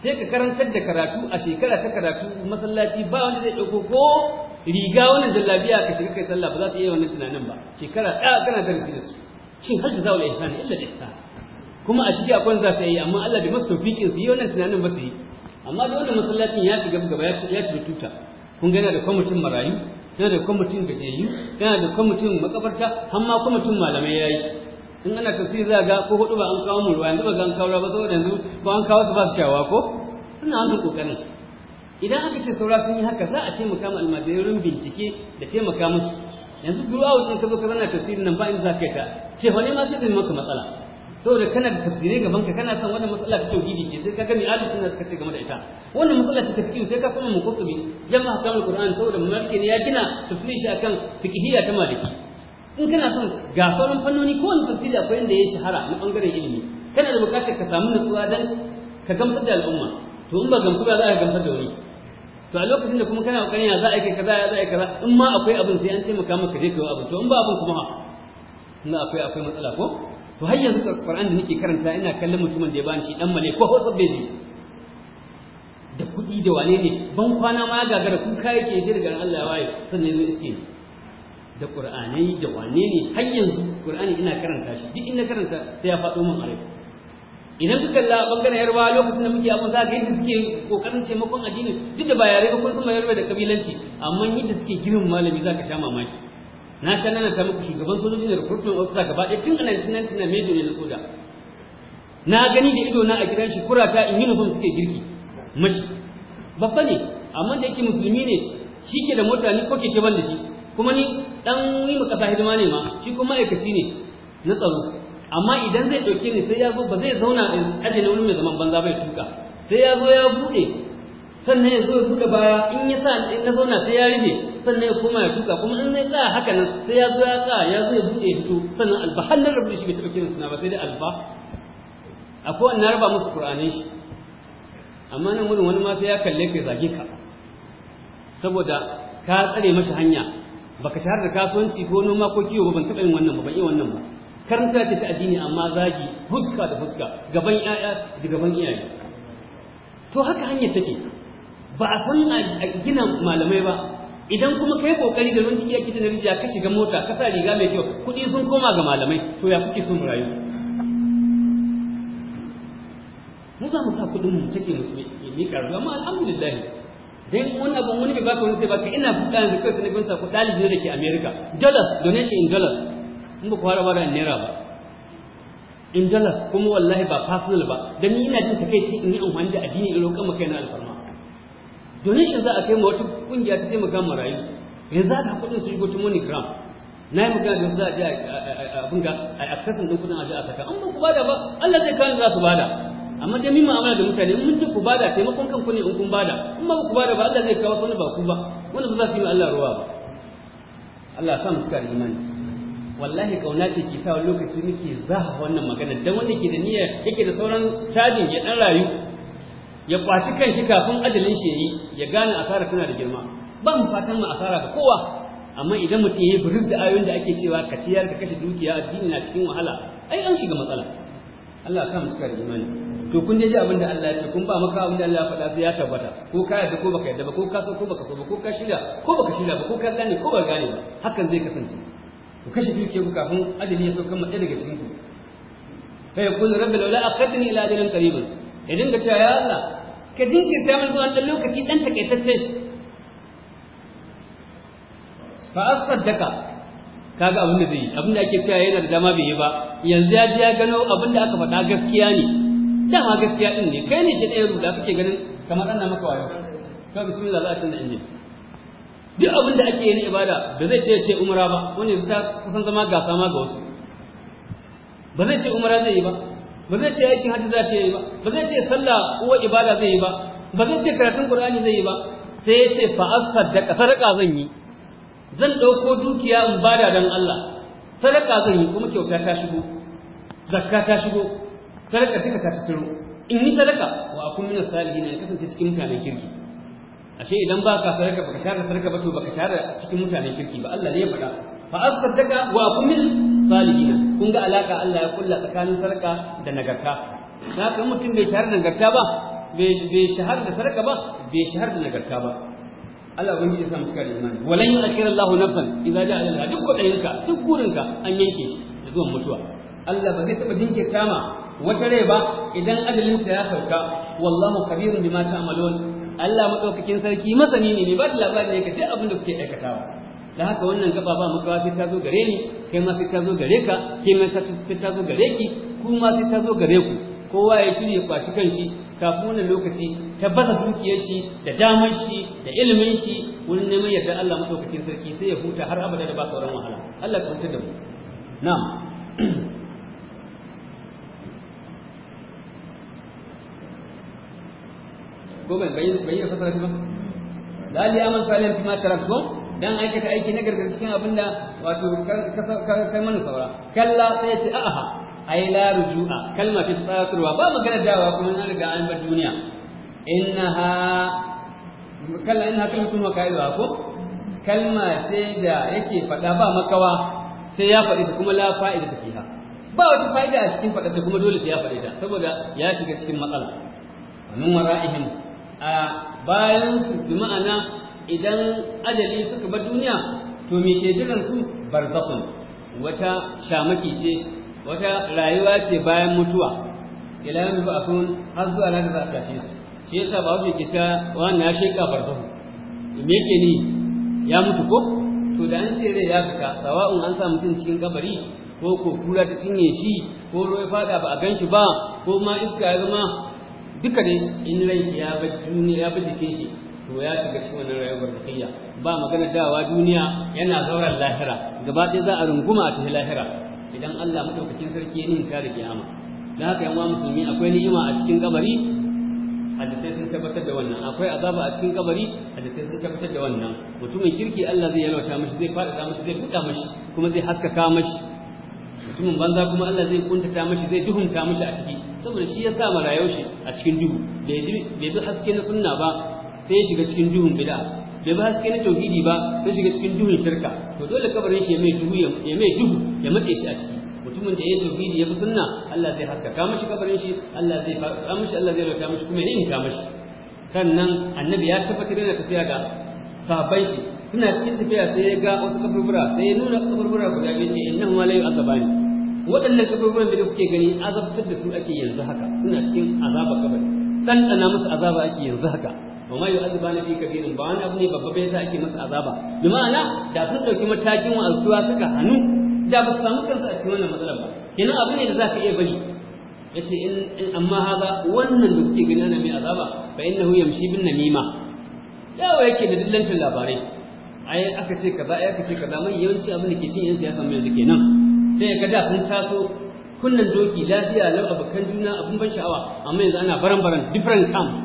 Speaker 1: sai ka karantar da karatu a shekara ta karatu masallaci ba wanda zai dauko ko riga wannan jallabiya ka shiga kai sallah ba za ta iya wannan tunanin ba shekara ɗaya kana darasi da su shin har za ihsan illa ihsan kuma a ciki akwai za ta yi amma Allah bai masa tawfiqin su yi wannan tunanin ba su yi amma da wannan masallacin ya shiga gaba ya shiga tuta kun gana da kwamitin marayu sai da kwamitin yi yana da kwamitin makabarta har ma kwamitin malamai ya yi in ana tafsiri za ga ko hudu ba an kawo mu ruwa yanzu ba za an kawo ruwa ba saboda yanzu ba an kawo su ba su shawa ko suna wannan kokarin idan aka ce saura sun yi haka za a taimaka ma almajirin bincike da taimaka musu yanzu duk awon in ka zo ka zana tafsirin nan ba in za ka yi ta ce wani ne ma sai maka matsala saboda kana da tafsirai gaban ka kana son wannan matsala ta tauhidi ce sai ka ga mi'adu sunna suka ce game da ita wannan matsala ce tafsiri sai ka kuma mu kutubi jama'a kan qur'an saboda maliki ne ya gina tafsiri shi akan fiqhiyya ta maliki in kana son ga fannoni ko wani tafsiri akwai inda ya shahara na bangaren ilimi kana da buƙatar ka samu nutsuwa dan ka gamsar da al'umma to in ba gamsu ba za ka gamsar da wani to a lokacin da kuma kana kokarin ya za a yi kaza ya za a yi kaza in ma akwai abin sai an taimaka maka je ka yi abin to in ba abin kuma na akwai akwai matsala ko to har yanzu Qur'an da nake karanta ina kallon mutumin da ya bani shi dan male ko Hausa bai ji da kuɗi da wane ne ban kwana ma gagara kuka yake ji daga Allah ya waye sannan yanzu iske ni da Qur'anai da wane ne har yanzu Qur'ani ina karanta shi duk ina karanta sai ya faɗo min arai idan kuka kalla bangaren yarwa lokacin da muke abin za ka yadda suke kokarin taimakon addini duk da ba yare ba kun san ba da kabilanci amma yadda suke girin malami za ka sha mamaki na sha nana ta muku shugaban sojoji da recruitment officer gaba ɗaya tun a 1999 na mejo ne na soja na gani da ido na a gidan shi kurata in uniform suke girki mashi babba ne amma da yake musulmi ne shi ke da mota ni ko keke ban da shi kuma ni dan yi mu kasa hidima ne ma shi kuma ma'aikaci ne na tsaro amma idan zai ɗauke ni sai ya zo ba zai zauna in aje na wani mai zaman banza bai tuka sai ya zo ya buɗe sannan ya zo ya buɗe baya in ya sa in na zauna sai ya rufe sannan ya koma ya tuka kuma in zai tsaya haka nan sai ya zo ya tsaya ya zo ya buɗe hito sannan alba rabu da shi bai taɓa kiran suna ba sai dai alba akwai wannan raba musu qur'anin shi amma nan wurin wani ma sai ya kalle ka zage ka saboda ka tsare mashi hanya baka shahar da kasuwanci ko noma ko kiwo ban taɓa yin wannan ba ban yi wannan ba karanta ce ta addini amma zagi fuska da fuska gaban yaya da gaban iyaye to haka hanyar take ba a san a gina malamai ba idan kuma kai kokari da ruwan ciki ake da rijiya ka shiga mota ka sa riga mai kyau kuɗi sun koma ga malamai to ya kuke son rayu
Speaker 3: mu za mu sa kuɗin
Speaker 1: mu cike mu ne karu amma alhamdulillah dan wani abu wani bai baka wani sai baka ina buɗa da kai sanin sa ku dalibi da ke America dollars donation in dollars Mun ba kwara bara naira ba in dollars kuma wallahi ba personal ba dan ni ina jin takeici in yi amfani da addini in roƙa maka na alfarma donation za a kai ma wata kungiya ta taimaka marayu yanzu aka kudin su shigo ta moneygram na yi magana da za a je abin ga a accessin din kudin a je a saka an ba ku bada ba Allah zai kawo za su bada amma dai mun amana da mutane mun ce ku bada taimakon kanku ne in kun bada in ba ku bada ba Allah zai kawo wani ba ku ba wanda ba za su yi Allah ruwa ba Allah sa mu suka da imani wallahi kauna ce ke sa wani lokaci nake za wannan magana dan wanda ke da niyyar yake da sauran cajin ya dan rayu ya kwaci kan shi kafin ajalin shi yi, ya gane asara tana da girma ba mu fatan mu asara ga kowa amma idan mutum yi buruz da ayoyin da ake cewa ka ciyar ka kashe dukiya addini na cikin wahala ai an shiga matsala Allah ka musu da imani to kun je ji abin da Allah ya ce kun ba maka abin da Allah ya faɗa sai ya tabbata ko ka yarda ko baka yarda ba ko ka so ko baka so ba ko ka shirya ko baka shirya ba ko ka gane ko baka gane ba hakan zai kasance ku kashe dukiyar ku kafin adali ya sauka mu daga cikin ku fa yaqulu rabbi laula aqadni ila ajalin qaribin idan ka cewa ya Allah ka jinkirta min zuwa da lokaci dan takaitacce fa asaddaka kaga abin da zai yi abin da ake cewa yana da dama bai yi ba yanzu ya ji ya gano abin da aka faɗa gaskiya ne dama gaskiya din ne kai ne shi ɗaya ruda kake ganin kamar ana maka wayo ka bismillah Allah a canza injin duk abin da ake yi na ibada ba zai ce ya ce umra ba wani zai kusan zama gasa ma ga wasu ba zai ce umra zai yi ba ba zai ce aikin hajji za shi yi ba ba zai ce sallah uwa ibada zai yi ba ba zai ce karatun qur'ani zai yi ba sai ya ce fa asaddaqa sadaqa zan yi zan dauko dukiya in bada dan Allah Sadaka zan yi kuma kyauta ta shigo zakka ta shigo sadaka duka ta tsiro in yi sadaka, wa akun min salihin ya kasance cikin mutanen kirki ashe idan baka sadaka baka share sadaka ba to baka share cikin mutanen kirki ba Allah ne ya faɗa fa asfataka wa kun min salihin kun ga alaka Allah ya kulla tsakanin sarka da nagarta Na haka mutum bai shahar da nagarta ba bai shahar da sarka ba bai shahar da nagarta ba Allah ubangiji ya sa mu cika da imani walan yunakkira Allah nafsan idza ja'a Allah duk kodayinka duk gurinka an yanke shi da zuwan mutuwa Allah ba zai taba jinkirta tama, wata rai ba idan ajalin ta ya sauka wallahu kabirun bima ta'malun Allah madaukakin sarki masani ne ne ba da labarin ne ka sai abin da kuke aikatawa da haka wannan gaba ba makawa sai ta zo gare ni kai ma sai ta zo gare ka kai ma sai ta zo gare ki ku ma sai ta zo gare ku kowa ya shirya kwaci kanshi kafin wannan lokaci tabbata dukiyar shi da damar shi da ilimin shi wurin neman yadda Allah madaukakin sarki sai ya huta har abada da ba sauran wahala Allah ka hutar da mu na'am ko bai bayyana fasara ba da ali amal fi kuma tarakkum dan aikata aiki na gargaɗi cikin abin da wato kai mana saura kalla sai ya ce a'a ai la ruju'a kalma ce tsakarwa ba magana dawa kuma an riga an bar duniya innaha kalla innaha kalmatun wa ka'iduha ko kalma ce da yake faɗa ba makawa sai ya faɗi ta kuma la fa'ida ta fiha ba wata fa'ida a cikin faɗa kuma dole sai ya faɗi ta saboda ya shiga cikin matsala min wara'ihim a bayan su bi ma'ana idan ajali suka bar duniya to me ke jiran su barzakhun wata shamaki ce wata rayuwa ce bayan mutuwa ila yau ba akun har zuwa nan da aka shi su shi yasa ba wuce ke ta wannan ya sheka barzakhun me ke ni ya mutu ko to da an ce rai ya fita sawa'un an sa mutum cikin kabari ko ko kura ta cinye shi ko ruwa fada ba a gan shi ba ko ma iska ya zama duka ne in rai shi ya bar duniya ya jikin shi to ya shiga shi wannan rayuwar ruqiyya ba magana dawa duniya yana zauren lahira gaba ɗaya za a runguma ta lahira idan Allah madaukakin sarki ya ninka da kiyama dan haka yan musulmi akwai ni'ima a cikin kabari hadisai sun tabbatar da wannan akwai azaba a cikin kabari hadisai sun tabbatar da wannan mutumin kirki Allah zai yalwata mashi zai faɗaɗa mashi zai buɗa mashi kuma zai haskaka mashi mutumin banza kuma Allah zai kuntata mashi zai duhunta mashi a ciki saboda shi ya sa ma shi a cikin duhu bai bi haske na sunna ba sai ya shiga cikin duhun bid'a bai ba haske na tauhidi ba sai shiga cikin duhun shirka to dole kabarin shi ya mai duhu ya mai duhu ya matse shi a ciki mutumin da ya tauhidi ya fi sunna Allah zai ka mashi kabarin shi Allah zai ka mashi Allah zai rauta mashi kuma ya ka mashi sannan annabi ya tabbatar da tafiya ga sahabbai shi suna cikin tafiya sai ya ga wasu kaburbura sai ya nuna kaburbura guda biyu ce innahu la yu'azabani waɗannan kaburburan da kuke gani azabtar da su ake yanzu haka suna cikin azaba kabari ɗanɗana musu azaba ake yanzu haka wa ma yu'adhibu fi kabirin ba wani abu ne babba bai sa ake masa azaba bi ma'ana da sun dauki matakin wa alsuwa suka hannu da ba su samu kansu a cikin wannan matsalar ba kenan abu ne da za ka iya bari yace in amma haza wannan da kuke gani ana mai azaba fa innahu yamshi bin namima yawa yake da dillancin labarai ai aka ce kaza ai aka ce kaza mai yawanci abin da ke cin yan san mai yanzu kenan sai ya kada sun taso kunnan doki lafiya lau abokan juna abin ban sha'awa amma yanzu ana baran baran different camps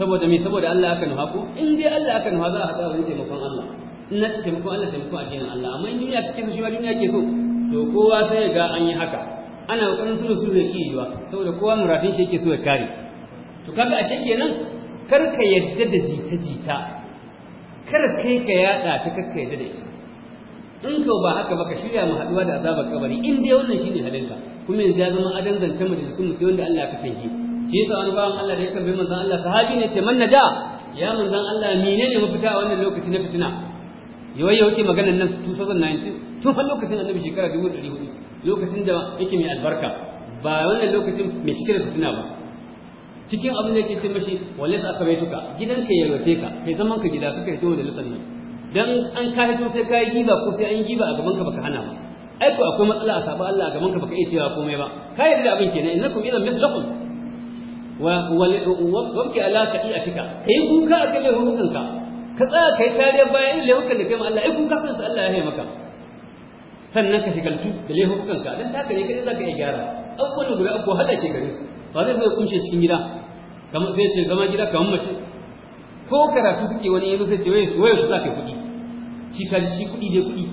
Speaker 1: saboda me saboda Allah aka nufa ko in dai Allah aka nufa za a haɗa wajen taimakon Allah in na ci taimakon Allah taimakon addinin Allah amma in duniya kake so shi ma duniya ke so to kowa sai ya ga an yi haka ana kokarin sulhu sulhu da iya yiwa saboda kowa muradin shi yake so ya kare to kaga ashe kenan kar ka yadda da jita jita kar kai ka yaɗa ta kar ka yadda da ita in ka ba haka ba ka shirya mu haduwa da azabar kabari in dai wannan shi ne halinka kuma yanzu ya zama adan zancen majalisun musulmi wanda Allah ka fahimci shi yasa wani bawan Allah da ya tambayi manzon Allah sahabi ne ce man naja ya manzon Allah menene mafita a wannan lokaci na fitina yawai ya wuce maganar nan 2019 tun fa lokacin annabi shekara 1400 lokacin da yake mai albarka ba wannan lokacin mai cike da fitina ba cikin abin da yake ce mashi wallahi aka bai tuka gidanka ya yalwace ka kai zaman ka gida suka hito da lutsan nan dan an ka hito sai ka yi giba ko sai an yi giba a gaban ka baka hana ba aiko akwai matsala a saba Allah a gaban ka baka iya cewa komai ba ka yarda da abin kenan innakum idan mithlakum wabki ala ka iya fika yi kuka a kan laifukan ka ka tsaya kai tariya bayan laifukan da kai ma Allah ya kuka kan su Allah ya yi maka sannan ka shigaltu da laifukan ka dan taka ne kai ka iya gyara abubuwan guda abubuwa hada ke gare su ba zai ya kunshe cikin gida kamar sai ce zama gida kamar mace ko karatu kake wani yanzu sai ce waye waye su zaka kuɗi shi ka shi kuɗi dai kuɗi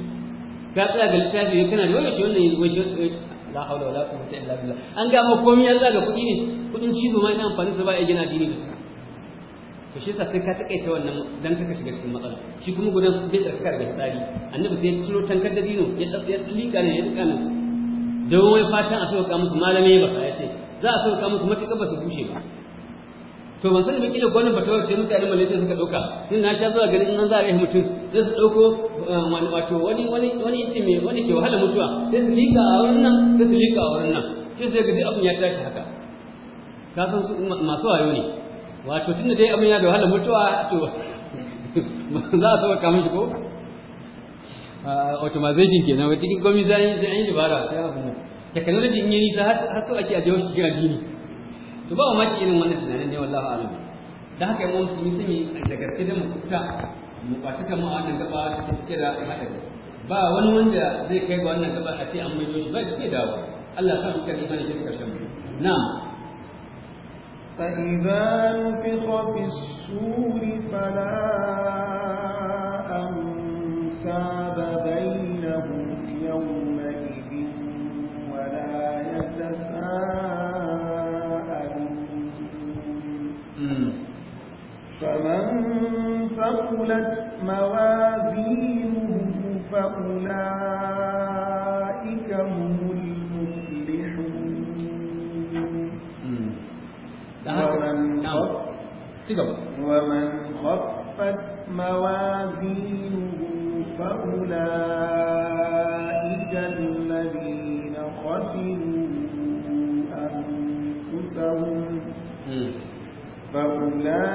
Speaker 1: ka tsaya ga littafi kana da waye wannan la haula wala quwwata illa billah an ga ma komai Allah ga kudi ne kudin cizo ma ina amfani da ba ya gina dini da to shi yasa sai ka takaita wannan dan ka shiga cikin matsala shi kuma gudan bai tsaka daga tsari annabi sai ya ciro tankar da dino ya ya lika ne ya duka ne da wai fatan a sauka musu malamai ba ya ce za a sauka musu matuƙa ba su bushe ba to ban sani ba kila gwanin fatawa ce mutanen malaysia suka ɗauka tun na sha zuwa in an za a rahe mutum sai su ɗauko eh, wato wani wani wani yace me wani ke wahala mutuwa sai su liƙa a wurin nan sai su liƙa a wurin nan sai sai ga abin ya tashi haka ka san su masu wayo ne wato tunda dai abin ya da wahala mutuwa to za a sauka mishi ko ah, automation kenan wata cikin gwamnati zai yi dabara sai abu technology in yi ta har so ake a jihohi cikin addini to ba mu irin wannan tunanin ne wallahi alim da haka yan sun yi da gaske da mu kuta mu kwaci kan mu a wannan gaba ta cike da hadari ba wani wanda zai kai ga wannan gaba a ce an maido shi ba shi ke dawo Allah ya sa mu cikin imani cikin karshen mu na'am
Speaker 2: فإذا نفخ في الصور فلا أنساب بينهم يومئذ ولا يتساءلون ومن ثقلت موازينه فأولئك هم المفلحون ومن ومن خفت موازينه فأولئك فأولئك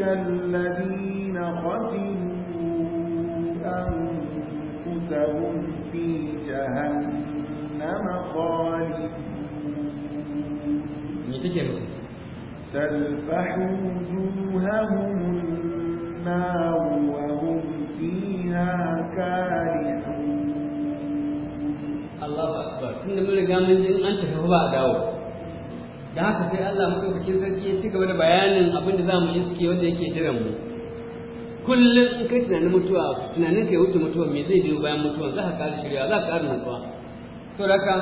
Speaker 2: الذين خسروا أنفسهم في جهنم خالدون تلفح وجوههم النار وهم فيها كارحون
Speaker 1: الله أكبر إن من قام من أنت فهو بعد da haka sai Allah madaukakin sarki ya ci gaba da bayanin abin da mu iske wanda yake jiran mu kullum in kai tunanin mutuwa tunanin kai wuce mutuwa me zai biyo bayan mutuwa za ka kare shirya za ka kare nutsuwa to haka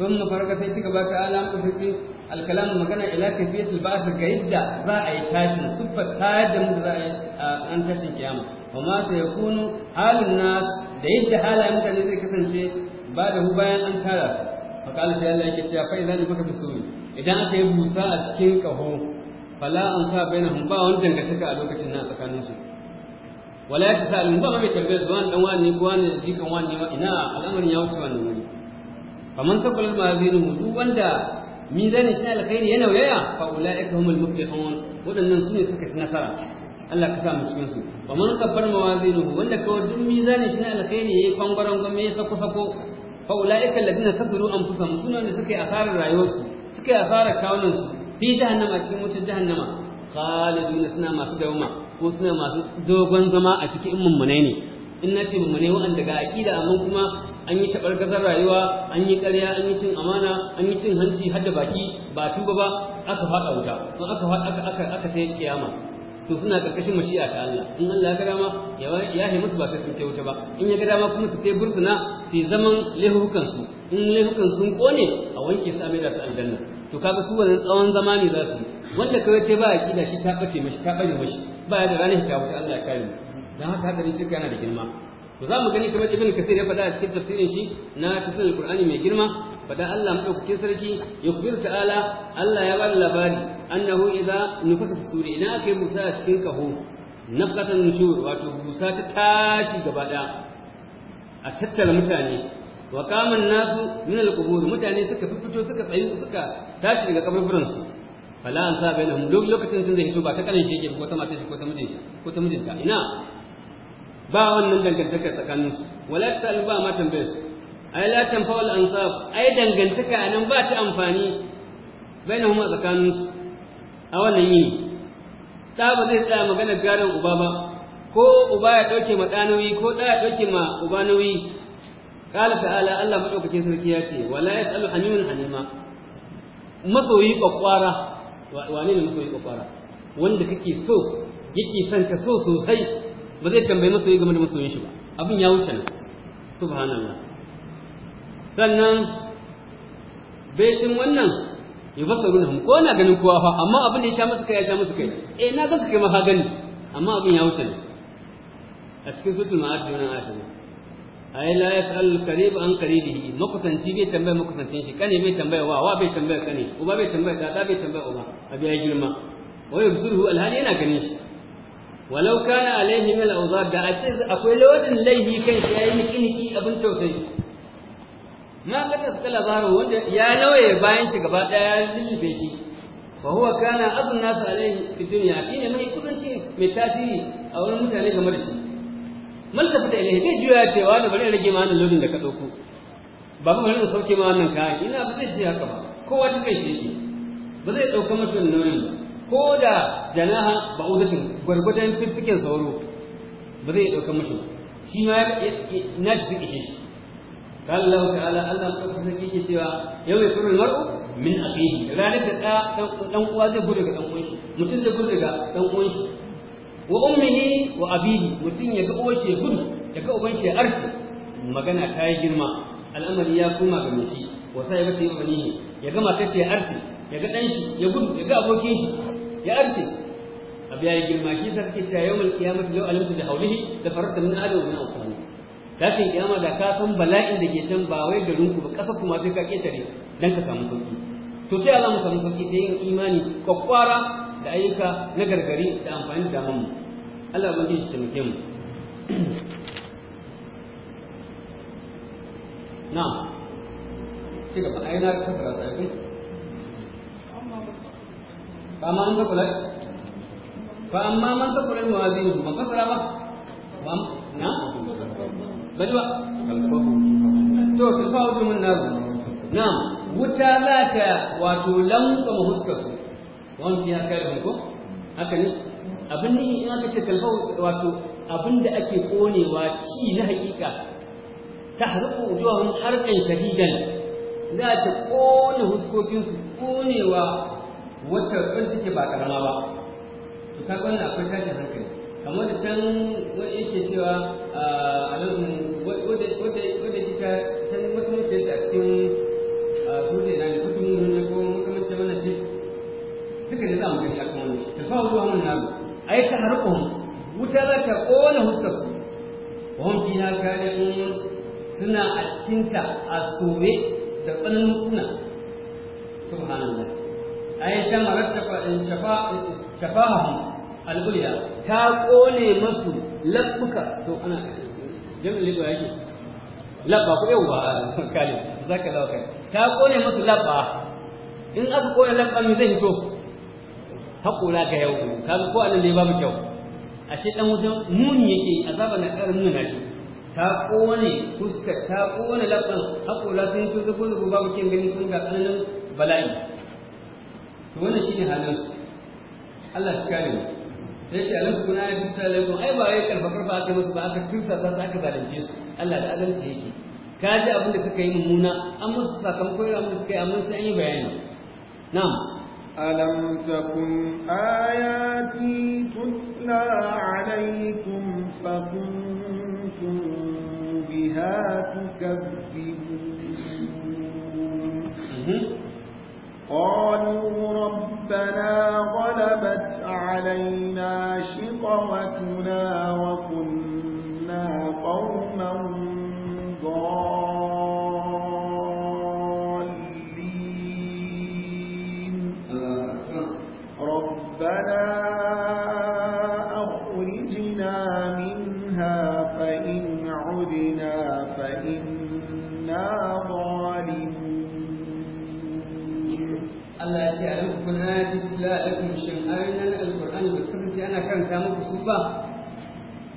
Speaker 1: sun mu farka sai ci gaba ta ala mu sarki alkalam magana ila kafiyatul ba'th ga yadda za a yi tashin sufar tayar da mu za a yi an tashin kiyama wa ma ya yakunu halin nas da yadda halayen mutane zai kasance ba da hu bayan an tara fa qala sai Allah yake cewa fa idan baka fi sumi idan aka yi busa a cikin kaho fala an sa bainahum ba wani dangantaka a lokacin nan tsakanin su wala ya sa ba mai tambayar zuwa dan wani ko wani jikan wani ma ina al'amarin ya wuce wannan wuri faman zai ma'azinu duk wanda mizani shi alkhairi yana wayaya fa ulaika humul muflihun wadannan su ne suka ci nasara Allah ka sa mu cikin su wa man kabbar mawazinuhu wanda kawai duk mizani shi alkhairi yayi kwangwaron gwame ya sako sako fa ulaika alladina kasaru anfusahum sunan da suka yi asarar rayuwarsu suka yi kawunan su. fi jahannama cikin wutar jahannama khaliduna suna masu dauma ko suna masu dogon zama a cikin mummunai ne in na ce mummunai waɗanda ga aƙida amma kuma an yi taɓar gazar rayuwa an yi ƙarya an yi cin amana an yi cin hanci har da baki ba tuba ba aka faɗa wuta Ko aka aka aka aka sai kiyama to suna karkashin mashi'a ta Allah in Allah ya ga dama ya yahi musu ba sai sun kai wuta ba in ya ga dama kuma su sai bursuna su zaman lehukan su in ne laifukan sun kone a wanke su da su aljanna to kaga su wannan tsawon zama ne za su wanda kawai ce ba aqida shi ta bace mashi ta bare mashi ba ya da ranar ta wuce Allah ya kare mu dan haka hadarin shirka yana da girma to za mu gani kamar ibn kasir ya faɗa a cikin tafsirin shi na tafsirin alqur'ani mai girma faɗa Allah madaukakin sarki yukbir ta'ala Allah ya ba da labari annahu idza nufaka fi suri Ina aka yi musa a cikin kaho nafqatan nushur wato musa ta tashi gaba daya a tattara mutane wa kamun nasu min al-qubur mutane suka fito suka tsayu suka tashi daga kaburburan su fala an sa bainahum duk lokacin sun zai hito ba ta kanin shi yake ko ta matar shi ko ta mijin ko ta mijinta ina ba wannan dangantaka tsakanin su wala ta alba ma tambayar su ai la fa al ansab ai dangantaka nan ba ta amfani bainahum a tsakanin su a wannan yini da ba zai tsaya magana garin uba ba ko uba ya dauke ma ɗa ko da ya dauke ma uba nauyi qala ta'ala Allah madaukakin sarki ya ce wala yasalu hamimun hanima masoyi kwakwara wane ne masoyi kwakwara wanda kake so yake son ka so sosai ba zai tambayi masoyi game da masoyin shi ba abin ya wuce nan subhanallah sannan becin wannan ya fasa basaru na ko na ganin kowa fa amma abin da ya sha musu kai ya sha musu kai eh na ga kai ma ka gani amma abin ya wuce nan a cikin sutul ma'arij wannan ayatin ai la yasal qarib an qaribihi makusanci bai tambaya makusancin shi kane bai tambaya wa wa bai tambaya kane uba bai tambaya da bai tambaya uba abi ya girma wa al hali yana ganin shi walau kana alaihi min al da ace akwai lawadin laihi kan shi yayi nikiniki abin tausayi ma ga tasala zaro wanda ya nauye bayan shi gaba daya ya lilibe shi fa huwa kana nasu alaihi fi dunya shine mai kusanci mai tasiri a wurin mutane game da shi maltafata ilaihi bai juya ya ce wani bari rage ma lodin da ka dauko ba kuma bari da sauke ma wannan kayan ina ba zai shiga haka ba kowa ta kai shi ba zai ɗauka masu wannan nauyin ko da janaha ba uzatin gwargwadon fiffiken sauro ba zai ɗauka mashi shi ma ya na shi suke shi قال Allah ta kusa kike cewa yau يوم يفر maru min أخيه ranar da ɗan uwa zai gode ga ɗan shi mutum zai gode ga ɗan shi wa ummihi wa abihi mutum ya ga uwar shi gudu ya ga uban shi arci magana ta yi girma al'amari ya koma ga mishi wa sai ya ta yi ne ya ga matar shi arci ya ga dan shi ya gudu ya ga abokin shi ya arci abu yi girma shi sa kake cewa yawmul qiyamati law alimtu da haulihi da farata min adam wa min awsan tashin kiyama da ka san bala'in da ke can ba wai garin ku ba kasa kuma sai ka ketare dan ka samu sauki to sai Allah mu samu sauki sai yin imani kwakwara da ayyuka na gargari da amfani da damar mu Allah ya gudu shi taimake mu na ci gaba ai na rasa karatu ai fa amma man ka kula fa amma man ka kula muwazinu man ka kula ba na bari ba to tilfa wujuhun nar na wuta za ta wato lanka mahuskarsu wani ya kare ko haka ne abin da in aka ce kalfa wato abin da ake konewa ci na hakika ta harku ujuwahum harkan shahidan za ta kone huskokin su konewa wata kan suke ba karama ba to ka ga akwai tashin hankali kamar da can wani yake cewa a wanda wanda wanda can a cikin duka da za mu gani akan wannan ta fa zuwa mun nan ai ta harqum wuta za ta kona huskarsu wa hum fiha kalihun suna a cikinta a soye da tsananin kuna subhanallah ai shamarat shafa shafahum al-ulya ta kone masu labbuka to ana jami'in ya yake labba ko yau kalin zaka lauka ta kone masu labba in aka kone labba me zai fito haƙura ga yau kaga ko anan babu kyau A shi dan wutan muni yake azaba na karin nuna shi ta kone kuska, ta kone laɓar haƙura sun fi zafin zubu babu kyan gani sun ga tsananin bala'i to wannan shi ne halin su Allah shi kare mu sai shi alam kuna ya fi tsale mu ai ba ya karfa karfa ake musu ba aka tursa ta aka zalunce su Allah da adalci yake ka ji abin da suka yi mummuna an musu sakamakon abin da suka yi amma sai an yi bayani na'am ألم تكن
Speaker 2: آياتي تتلى عليكم فكنتم بها تكذبون قالوا ربنا غلبت علينا شقوتنا وكنا قوما
Speaker 1: ina karanta muku su ba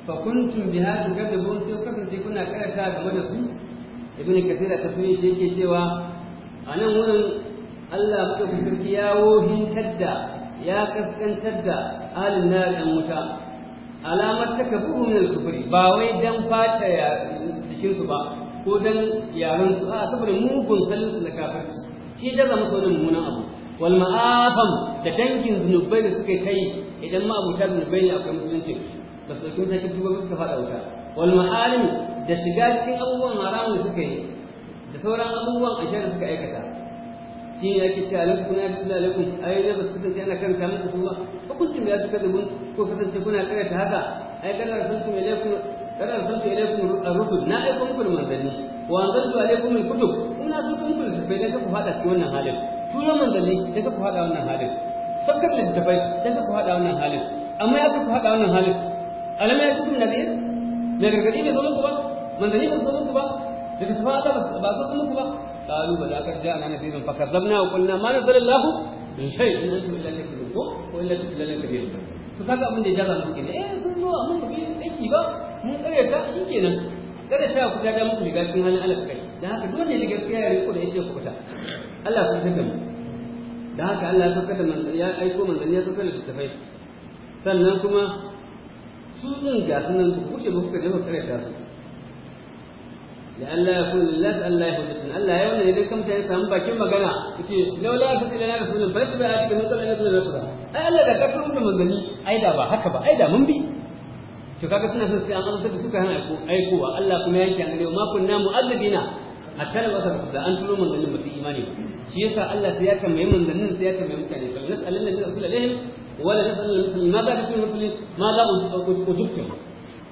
Speaker 1: fa kuntum bi hadhihi kadabun sai ce kuna karanta game da su ibn kathir a tafsirin shi yake cewa a nan wurin Allah madaukakin sarki ya wohintar da ya kaskantar da alin da ɗan wuta alamar takafu min al kufuri ba wai dan fata ya cikin ba ko dan yaran su a saboda mugun sallinsu na kafirci shi daga musu wani mummunan abu wal ma'afam da dangin zunubai da suka kai idan ma abuta zunubai ne akwai musulunci ba su sun matakin duba suka faɗa wuta wal ma'alim da shiga cikin abubuwan haramun da suka yi da sauran abubuwan ashar da suka aikata shi ne ake cewa kuna na yatla lakum ai ne ba su kasance ana kan kamun da su ba hukuncin da ya suka zubun ko kasance kuna karanta haka ai kana rasulun ilaikum kana rasulun a rusul na aiko muku da manzanni wa anzaltu alaikum al-kutub ina so kun kullu sai ne ku fada cikin wannan halin turo manzanni da ku fada wannan halin fakar littafai dan ka ku haɗa wannan halin amma ya ku haɗa wannan halin alama ya cikin nabi mai gargaɗi ne zo muku ba manzanni bai zo ku ba da littafin Allah ba zo ku ba qalu bala kad ja'ana nabiyun fakadzabna wa qulna ma nazala Allah min shay in antum illa takzibun ko illa illa kabeer to kaga abin da ya jaza muku ne eh sun zo mun ku bi aiki ba mun karyata shi kenan kada sai ku ta da muku riga cikin halin Allah kai dan haka duk wanda ya shiga gaskiya ya riko da yake ku fita Allah ku tabbata da haka Allah ya saukar da ya aiko manzanni ya saukar da littattafai sannan kuma su din ga ku magana laula rasulun fa ai Allah da ai da ba haka ba ai da mun bi to kaga suna son sai an amsa da suka hana aiko aikowa Allah kuma yake an ma kunna mu'azzibina a da wasa da an turo manzannin ba su imani ba shi yasa Allah sai ya tambaye manzannin sai ya tambaye mutane fa nas'alul ladina rasula lahum wa la nas'alul muslimin ma za ka tun muslimin ma za ujubtum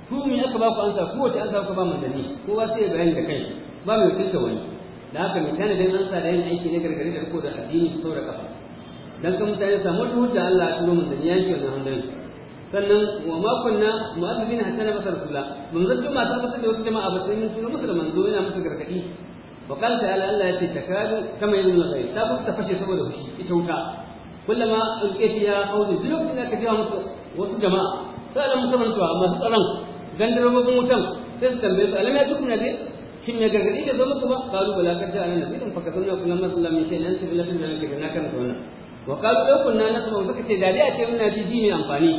Speaker 1: ku me aka ba ku ansa ku wace ansa ku ba manzanni kowa sai ya bayani da kai ba mai wakilta wani da haka mai tanadin ansa da yin aiki ne gargare da riko da addini sau da kafa dan kan mutane samu hujja Allah ya turo manzanni yanke wannan hanzari sannan wa ma kunna mu'azzibina hatta na masa rasula mun zanto masu tabbatar da wasu jama'a ba sai mun turo masa da manzo yana musu gargadi wa qala ta'ala Allah yace takadu kama yadul ghaib ta ta fashe saboda fushi ita wuta kullama ulqiya ya qawli duk lokacin da ka ji musu wasu jama'a sai Allah mutum to amma tsaron gandarobin wutan sai su tambaye su a ya tuku na gargadi da zo muku ba kalu bala ka ta anan nabi dan faka sunna kullama sallallahu alaihi wasallam sai billahi da kake na kan wannan wa qalu law kunna nasma suka a ji ne amfani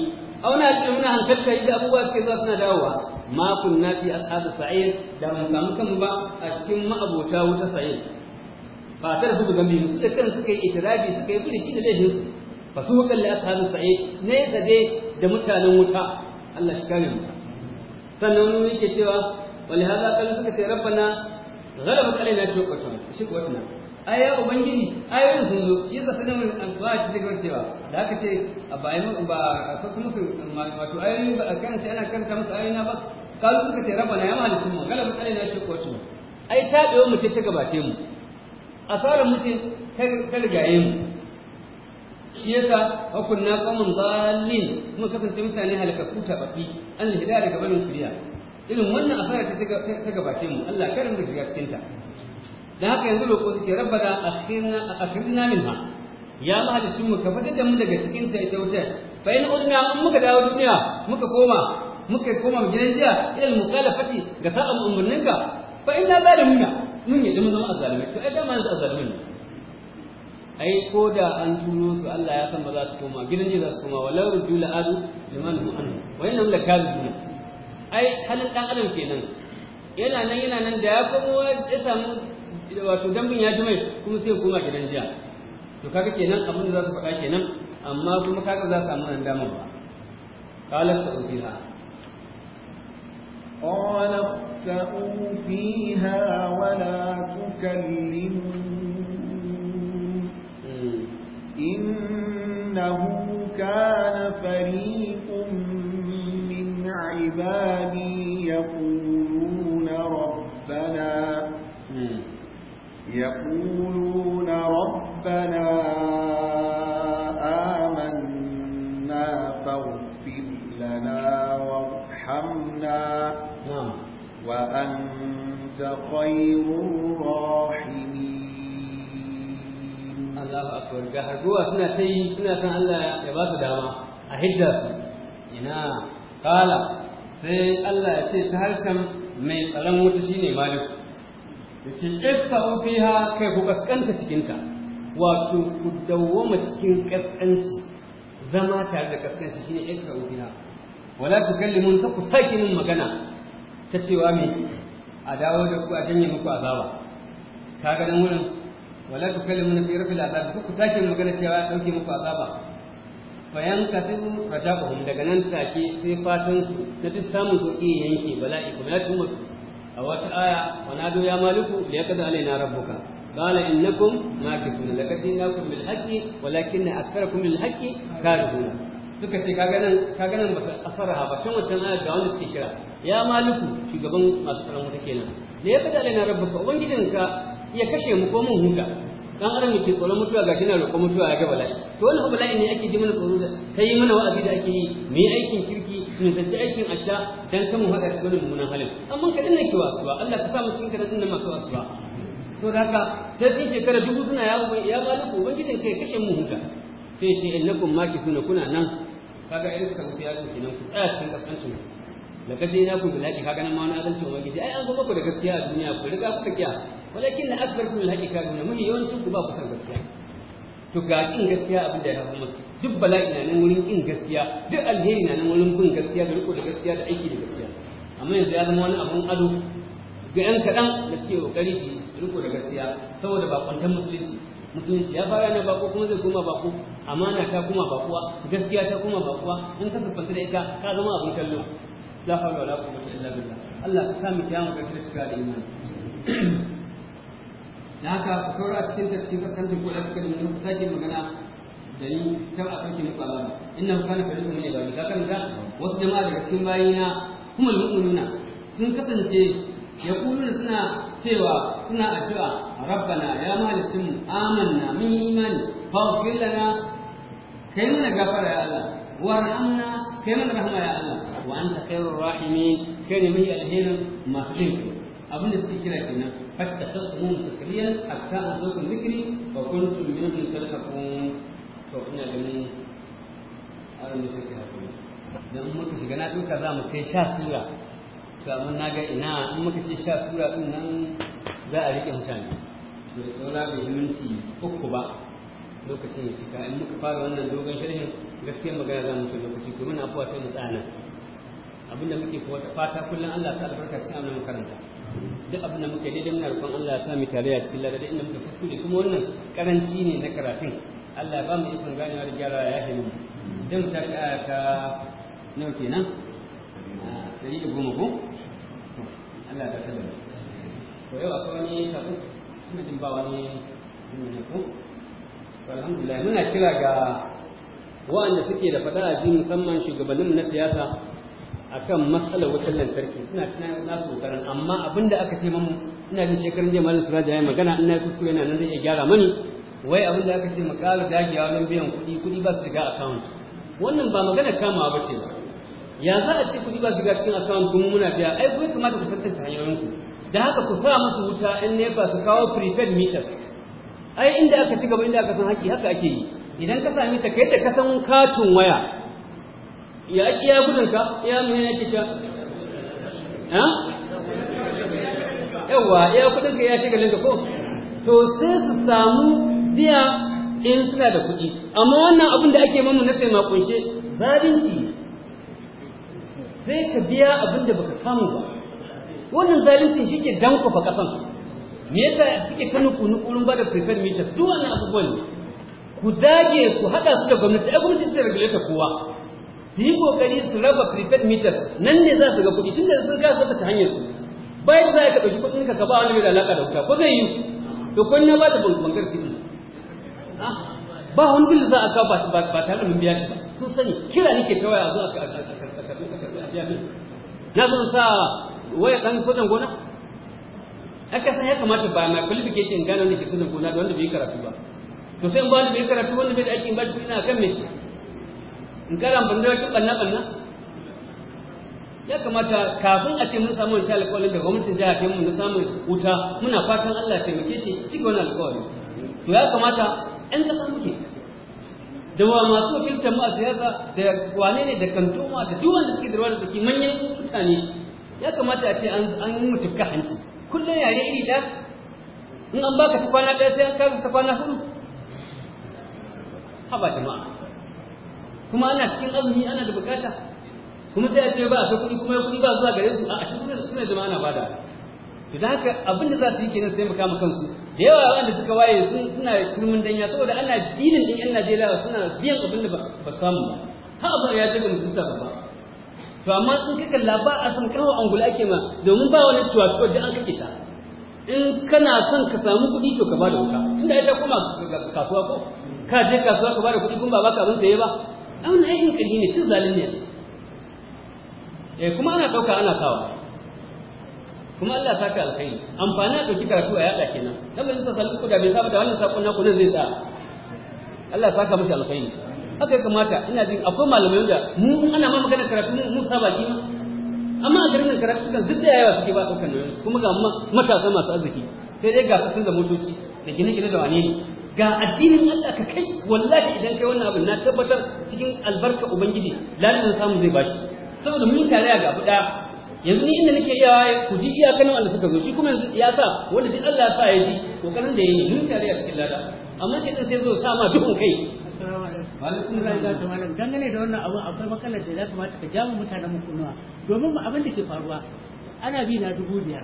Speaker 1: auna ce muna hankalta yadda abubuwa ke zuwa suna dawowa ma kunna fi ashabi sa'id da ban samu kanmu ba a cikin ma'abota wuta sa'id fa ta su ga min su kan suka yi itirabi suka yi fulici da laifin su fa su kan la ashabi sa'id ne tsade da mutanen wuta Allah shi kare mu sannan wani yake cewa wal hada kan suka ce rabbana ghalabat alaina shukratuna shukratina ai ya ubangiji ayoyin sun zo yi zafi da mai alfawa ci daga cewa da aka ce ba a yi ba a kasu musu wato ayoyin ba a karanta ana karanta musu ayoyina ba kalu suka ce rabana ya mahalicin mu kala mutane na shi kotu ai ta ɗaya mu ce ta gabace mu asarar ce ta rigaye mu shi yasa wa na kwamun zalin kuma kasance mutane halakakku tababbi an hidaya daga barin shiriya irin wannan asara ta gabace mu Allah karin mu shiga cikin ta da haka yanzu roƙo suke rabbana da akhirna minha ya mahalicin mu ka fitar da mu daga cikin ta ita wutar fa in udna in muka dawo duniya muka koma muka koma gidan jiya ilal mukalafati ga sa'an umurninka fa inna zalimuna mun yi zama zama azzalimai to ai da ma yanzu azzalimai ne ai ko da an turo su Allah ya san ba za su koma gidan jiya za su koma walau rujula adu liman hu anhu wa la lakazibun ai halin dan adam kenan yana nan yana nan da ya komo ya samu wato dambin ya ji mai kuma sai koma gidan jiya to kaga kenan abin da za su faɗa kenan amma kuma kaga za su samu nan damar ba qalat sa'ufiha
Speaker 2: qala sa'ufiha wa la tukallimun hmm. innahu kana fariqun min ibadi يقولون ربنا آمنا فاغفر لنا وارحمنا وأنت
Speaker 1: خير الراحمين الله أكبر جهرجوا سنة سي سنة سنة الله يبات داما أهدى إنا قال سي الله يسي سهرشم mai tsaron wuta shine maliku yace
Speaker 3: ifsa'u
Speaker 1: fiha kai ku kaskanta cikin ta wato ku ma cikin kaskanci zama tare da kaskanci shine ifsa'u fiha wala tukallimun ta ku sake mun magana ta cewa me a dawo da ku a janye muku azaba ga nan wurin wala tukallimun fi rafil azab ku sake mun magana cewa ya dauke muku azaba bayan ka sai rajabahum daga nan take sai fatan su da duk samun sauki yanke bala'i kuma ya cimma su a wata aya wana do ya maliku da liyaqdi alaina rabbuka qala innakum makithun laqad jinakum bil haqqi walakinna aktharakum bil haqqi karihuna suka ce kaga nan kaga nan baka asaraha ba can wancan aya da wanda suke kira ya maliku shugaban masu tsaron wata kenan da ya kada alaina rabbuka ubangijinka ya kashe mu ko mun huta dan aran adam ke tsoron mutuwa gashi na roƙon mutuwa ya ga bala'i to wannan bala'i ne yake ji mana tsoro da sai mana wa'azi da ake yi mu yi aikin kirki nisanci aikin asha dan samun mu haɗa wani mummunan halin amma ka dinna ki wasuwa Allah ka sa mu cikin karatun nan masu wasuwa to da haka sai sun shekara dubu suna yawo ya maliku gidan kai kashe mu huta sai ce ki suna, kuna nan kaga irin suka mutu yakin kenan ku tsaya cikin kaskancin laqad jinakum ku bilaki kaga nan ma wani adalci ubangiji ai an zo muku da gaskiya a duniya ku riga kuka kiya walakin la akbar kullu haqi kaga mun yawancin ku ba ku san gaskiya to ga kin gaskiya abin da ya haifar musu duk bala'i na nan wurin kin gaskiya duk alheri na nan wurin bin gaskiya da riko da gaskiya da aiki da gaskiya amma yanzu ya zama wani abun ado ga yan kaɗan da suke kokari shi riko da gaskiya saboda ba musulunci musulunci ya fara na bako kuma zai koma bako amana ta koma bakuwa gaskiya ta kuma bakuwa in ka siffanta da ita ka zama abin kallo la hawla wala quwwata illa billah Allah ka sami kiyamu ga kiristiya da imani da haka ku saura cikin ta cikin kasance ko da kuka da mun sake magana da ni kan a sauke muku azaba inna kana fariqun ne, ibadi ka karanta wasu jama'a daga cikin bayina kuma mu'minuna sun kasance ya yaquluna suna cewa suna addu'a rabbana ya mahalicin mu amanna mun imani faghfir lana kai mana gafara ya Allah wa rahamna kai mana rahma ya Allah wa anta khairur rahimin kai ne mai alherin masu jin abin da suke kira kenan hatta tasmun tasliyan hatta azukum dhikri wa kuntum minhum tarkabun to ina ganin aran da suke hakuri dan muka shiga na duka za mu kai sha sura to amma na ina in muka ce sha sura din nan za a rike mutane to saura bai minti uku ba lokacin ya cika in muka fara wannan dogon sharhin gaskiyar magana za mu ce lokaci to muna afuwa abinda muke fata kullum Allah ta albarka cikin abin makaranta duk abin da muka yi daidai muna roƙon Allah ya sa mu tare a cikin ladabi inda muka da kuma wannan karanci ne na karatun Allah ba mu ikon ganewa da gyara ya shi mu zan ta ta nawa kenan dari da goma ko Allah ta tada to yau akwai wani sako kuma jin ba wani ne ko alhamdulillah muna kira ga wa'anda suke da fada a jini musamman shugabanninmu na siyasa akan matsalar wutar lantarki suna tunanin nasu kokarin amma abinda aka ce mamu ina jin shekarun jiya malam suraja ya magana ina yi kuskure na nan zai iya gyara mani wai abinda aka ce mu ƙara dagewa don biyan kuɗi kuɗi ba su shiga account wannan ba magana kama ba ce ba ya za a ce kuɗi ba su shiga cikin account kuma muna biya ai kuma kamata ku tantance hanyoyinku da haka ku sa musu wuta in nepa su kawo prepaid meters ai inda aka ci gaba inda aka san haƙƙi haka ake yi idan ka sami ta kai da ka san katin waya ya iya gudunka iya mai na kisha
Speaker 3: ha yawa ya
Speaker 1: kudinka ya shiga linka ko to sai su samu biya in suna da kuɗi amma wannan abin da ake mamu na sai ma kunshe zalunci sai ka biya abin da baka samu ba wannan zalunci shi ke fa kasan me yasa kike kanu kunu kurun ba da prefer meter duk wannan abubuwan ku dage ku haɗa su da gwamnati ai gwamnati ce regulator kowa su yi kokari su raba prepaid meter nan ne za su ga kuɗi tunda sun kasa ta hanyar su bai za ka ɗauki kuɗin ka ka ba wani mai da alaƙa da wuta ko zai yi to kun na ba da bankar kuɗi ba wani bil za a kawo ba tare da mun biya shi ba sun sani kira nake kawai waya a zo a biya min na zo sa waya ɗan sojan gona aka san ya kamata ba na qualification gano ne ke sojan gona da wanda bai karatu ba to sai in ba wanda bai karatu wanda bai da aikin ba shi kuɗi na kan me in kara amfani da wata ɓanna ɓanna ya kamata kafin a ce mun samu wani alƙawarin da gwamnatin jiha ta mu na samun wuta muna fatan Allah taimake shi cikin wani alƙawari to ya kamata ƴan ƙasa muke da wa masu wakiltar mu a siyasa da wane ne da kantoma da duk wanda suke da ruwa da suke manyan mutane ya kamata a ce an yi mutuka hanci kullum yare iri da in an baka ta kwana ɗaya sai an kasa ta kwana hudu haba jama'a kuma ana cikin azumi ana da bukata kuma sai a ce ba sai kuɗi kuma ya kuɗi ba zuwa gare su a ashe suna suna zama ana bada to da haka abin da za su yi kenan sai maka maka kansu da yawa wanda suka waye sun suna turmin danya saboda ana dinin din yan Najeriya suna biyan abin da ba samu ba har abin ya daga sa ba to amma sun ka kalla ba a san kawo angula ake ma domin ba wani tuwa da an kake ta in kana son ka samu kuɗi to ka bada wuta tunda ai ta koma kasuwa ko ka je kasuwa ka bada kuɗi kun ba baka abin saye ba an aikin kirhi ne shi zalin ne eh kuma ana ɗauka ana sawa kuma Allah ya saka alkai amfani a ɗauki karatu a yaɗa kenan dan bai sa sallu ko da bai saba da wannan sakon naku ne zai tsaya Allah ya saka mashi alkai haka ya kamata ina jin akwai malamai da mu ana ma magana karatu mu saba ki amma a garin karatu kan duk yawa suke ba ɗaukar nan kuma ga matasa masu arziki sai dai ga fasin da motoci da gine-gine da wane ne ga addinin Allah ka kai wallahi idan kai wannan abin na tabbatar cikin albarka ubangiji lalle samu zai bashi saboda mun tare ga abu daya yanzu ni inda nake yawa ku ji iyakanin Allah suka zo shi kuma yanzu ya sa wanda duk Allah ya sa ya ji to kanan da yayi mun tare cikin lada amma shi sai zo sama duhun kai da Malam dangane da wannan abu akwai makalar da ya kamata ka jamu mutanen mu kunnuwa domin mu abin da ke faruwa ana bi na dubu biyar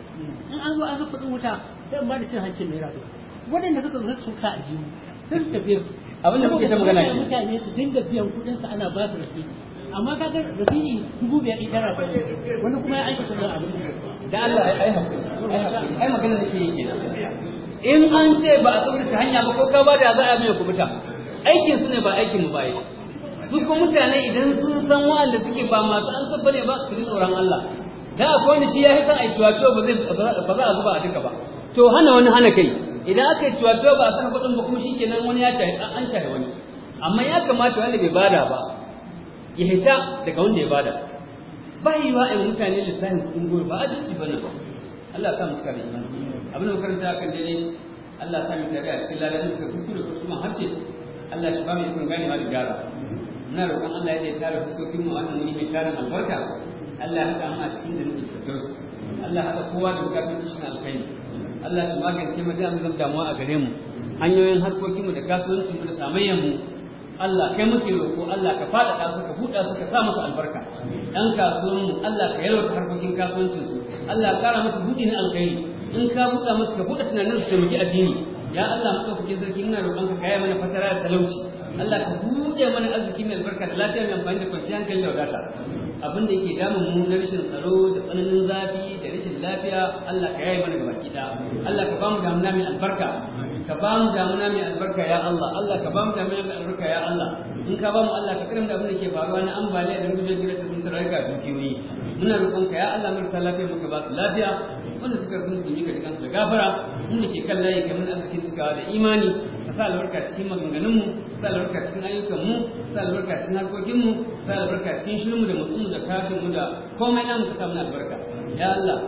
Speaker 1: in an zo an ga kuɗin wuta sai ba da cin hancin naira dubu waɗanda suka zo su ka ajiyu sai su tafiye
Speaker 3: su abinda da muke ta magana ne
Speaker 1: mutane su dinga biyan kuɗin su ana ba su rasidi amma ka kaga rasidi dubu biyar ɗin tara ba wani kuma ya aiki sanar abin da Allah ai hakuri ai magana da ke yi kenan in an ce ba a ta hanya ba ko ka ba da za a mai kubuta aikin su ne ba aikin mu ba yi su ko mutane idan sun san wa'anda suke ba masu an sabba ne ba su ji tsoron Allah da akwai wani shi ya hisan aiki wato ba zai ba za a zuba a duka ba to hana wani hana kai idan aka yi cewa ba a san kuɗin ba kuma nan wani ya shahi an shari wani amma ya kamata wanda bai bada ba ya hita daga wanda ya bada ba yi wa ayyukan mutane lissafin kudin goro ba ci bane ba Allah ya mutu mu cika abin da makaranta kan daidai Allah ya sa mu a cikin lalata da kuskure ko kuma harshe Allah ya ba mu ikon gane ma da gyara muna roƙon Allah ya tare fuskokin mu wannan wani mai tarin albarka Allah ya haɗa mu a cikin da nufin Allah haɗa kowa da bukatun cikin alkhairi Allah ya magance mu da damuwa a gare mu hanyoyin harkokin da kasuwancin mu da samayyan mu Allah kai muke roƙo Allah ka fada ta ka buɗa suka sa musu albarka ɗan kasuwan Allah ka yalwata harkokin kasuwancinsu. su Allah ƙara musu buɗi na alkhairi in ka buɗa musu ka buɗa tunanin su muke addini ya Allah mu ɗaukake sarki ina roƙon ka kaya mana fatara da talauci Allah ka buɗe mana arziki mai albarka da lafiya mai amfani da kwanciyar hankali da wadata abin da yake damun mu na rashin tsaro da tsananin zafi da rashin lafiya Allah ka yaye mana gaba kida Allah ka bamu damuna mai albarka ka bamu damuna mai albarka ya Allah Allah ka bamu damuna mai albarka ya Allah in ka bamu Allah ka karanta abin da ke faruwa na ambaliya da rubuce gida ta sun tarayka dukiyoyi muna ka ya Allah ta lafiya muka ba su lafiya wanda suka sun yi ka jikansu da gafara mun ke kallaye layi kamar arzikin cikawa da imani ka sa albarka cikin maganganunmu ka sa albarka cikin ayyukanmu ka sa albarka cikin harkokinmu ka sa albarka cikin shirinmu da mutsunmu da kashinmu da komai namu ka sa mana albarka ya Allah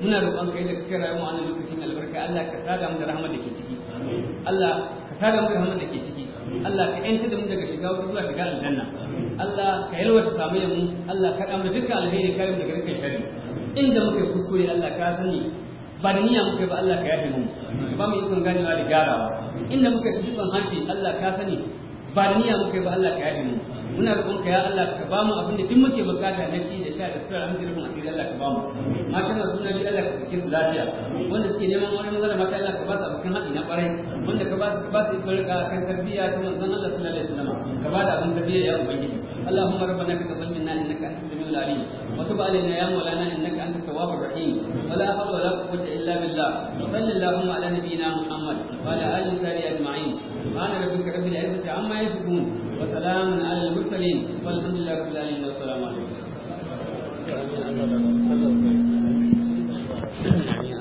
Speaker 1: muna roƙon kai da kake rayuwa a wannan lokacin albarka Allah ka sada mu da rahama da ke ciki Allah ka sada mu da rahama da ke ciki Allah ka yanci da mu daga shiga wata zuwa shiga aljanna Allah ka yalwata samu mu Allah ka da dukkan alheri kare mu daga dukkan inda muke kuskure Allah ka sani ba da niyya muka ba Allah ka yafe mu ka ba mu ikon ganewa da gyarawa inda muka yi dukkan harshe Allah ka sani ba da muka ba Allah ka yafe mu muna roƙon ka ya Allah ka ba mu abin da duk muke bukata na ci da sha da sutura amince rubun asiri Allah ka ba mu matan masu suna biyu Allah ka cike su lafiya wanda suke neman wani maza da mata Allah ka ba su abokan haɗi na ƙwarai wanda ka ba su ba su ikon riƙa kan tarbiyya ta manzon Allah sallallahu alaihi wasallam ka ba da abin tarbiyya ya ubangiji اللهم ربنا لك تقبل منا انك انت السميع العليم وتب علينا يا مولانا انك انت التواب الرحيم ولا حول ولا قوه الا بالله وصل اللهم على نبينا محمد وعلى اله وصحبه اجمعين سبحان ربك رب العزه عما يصفون وسلام على المرسلين والحمد لله رب العالمين والسلام عليكم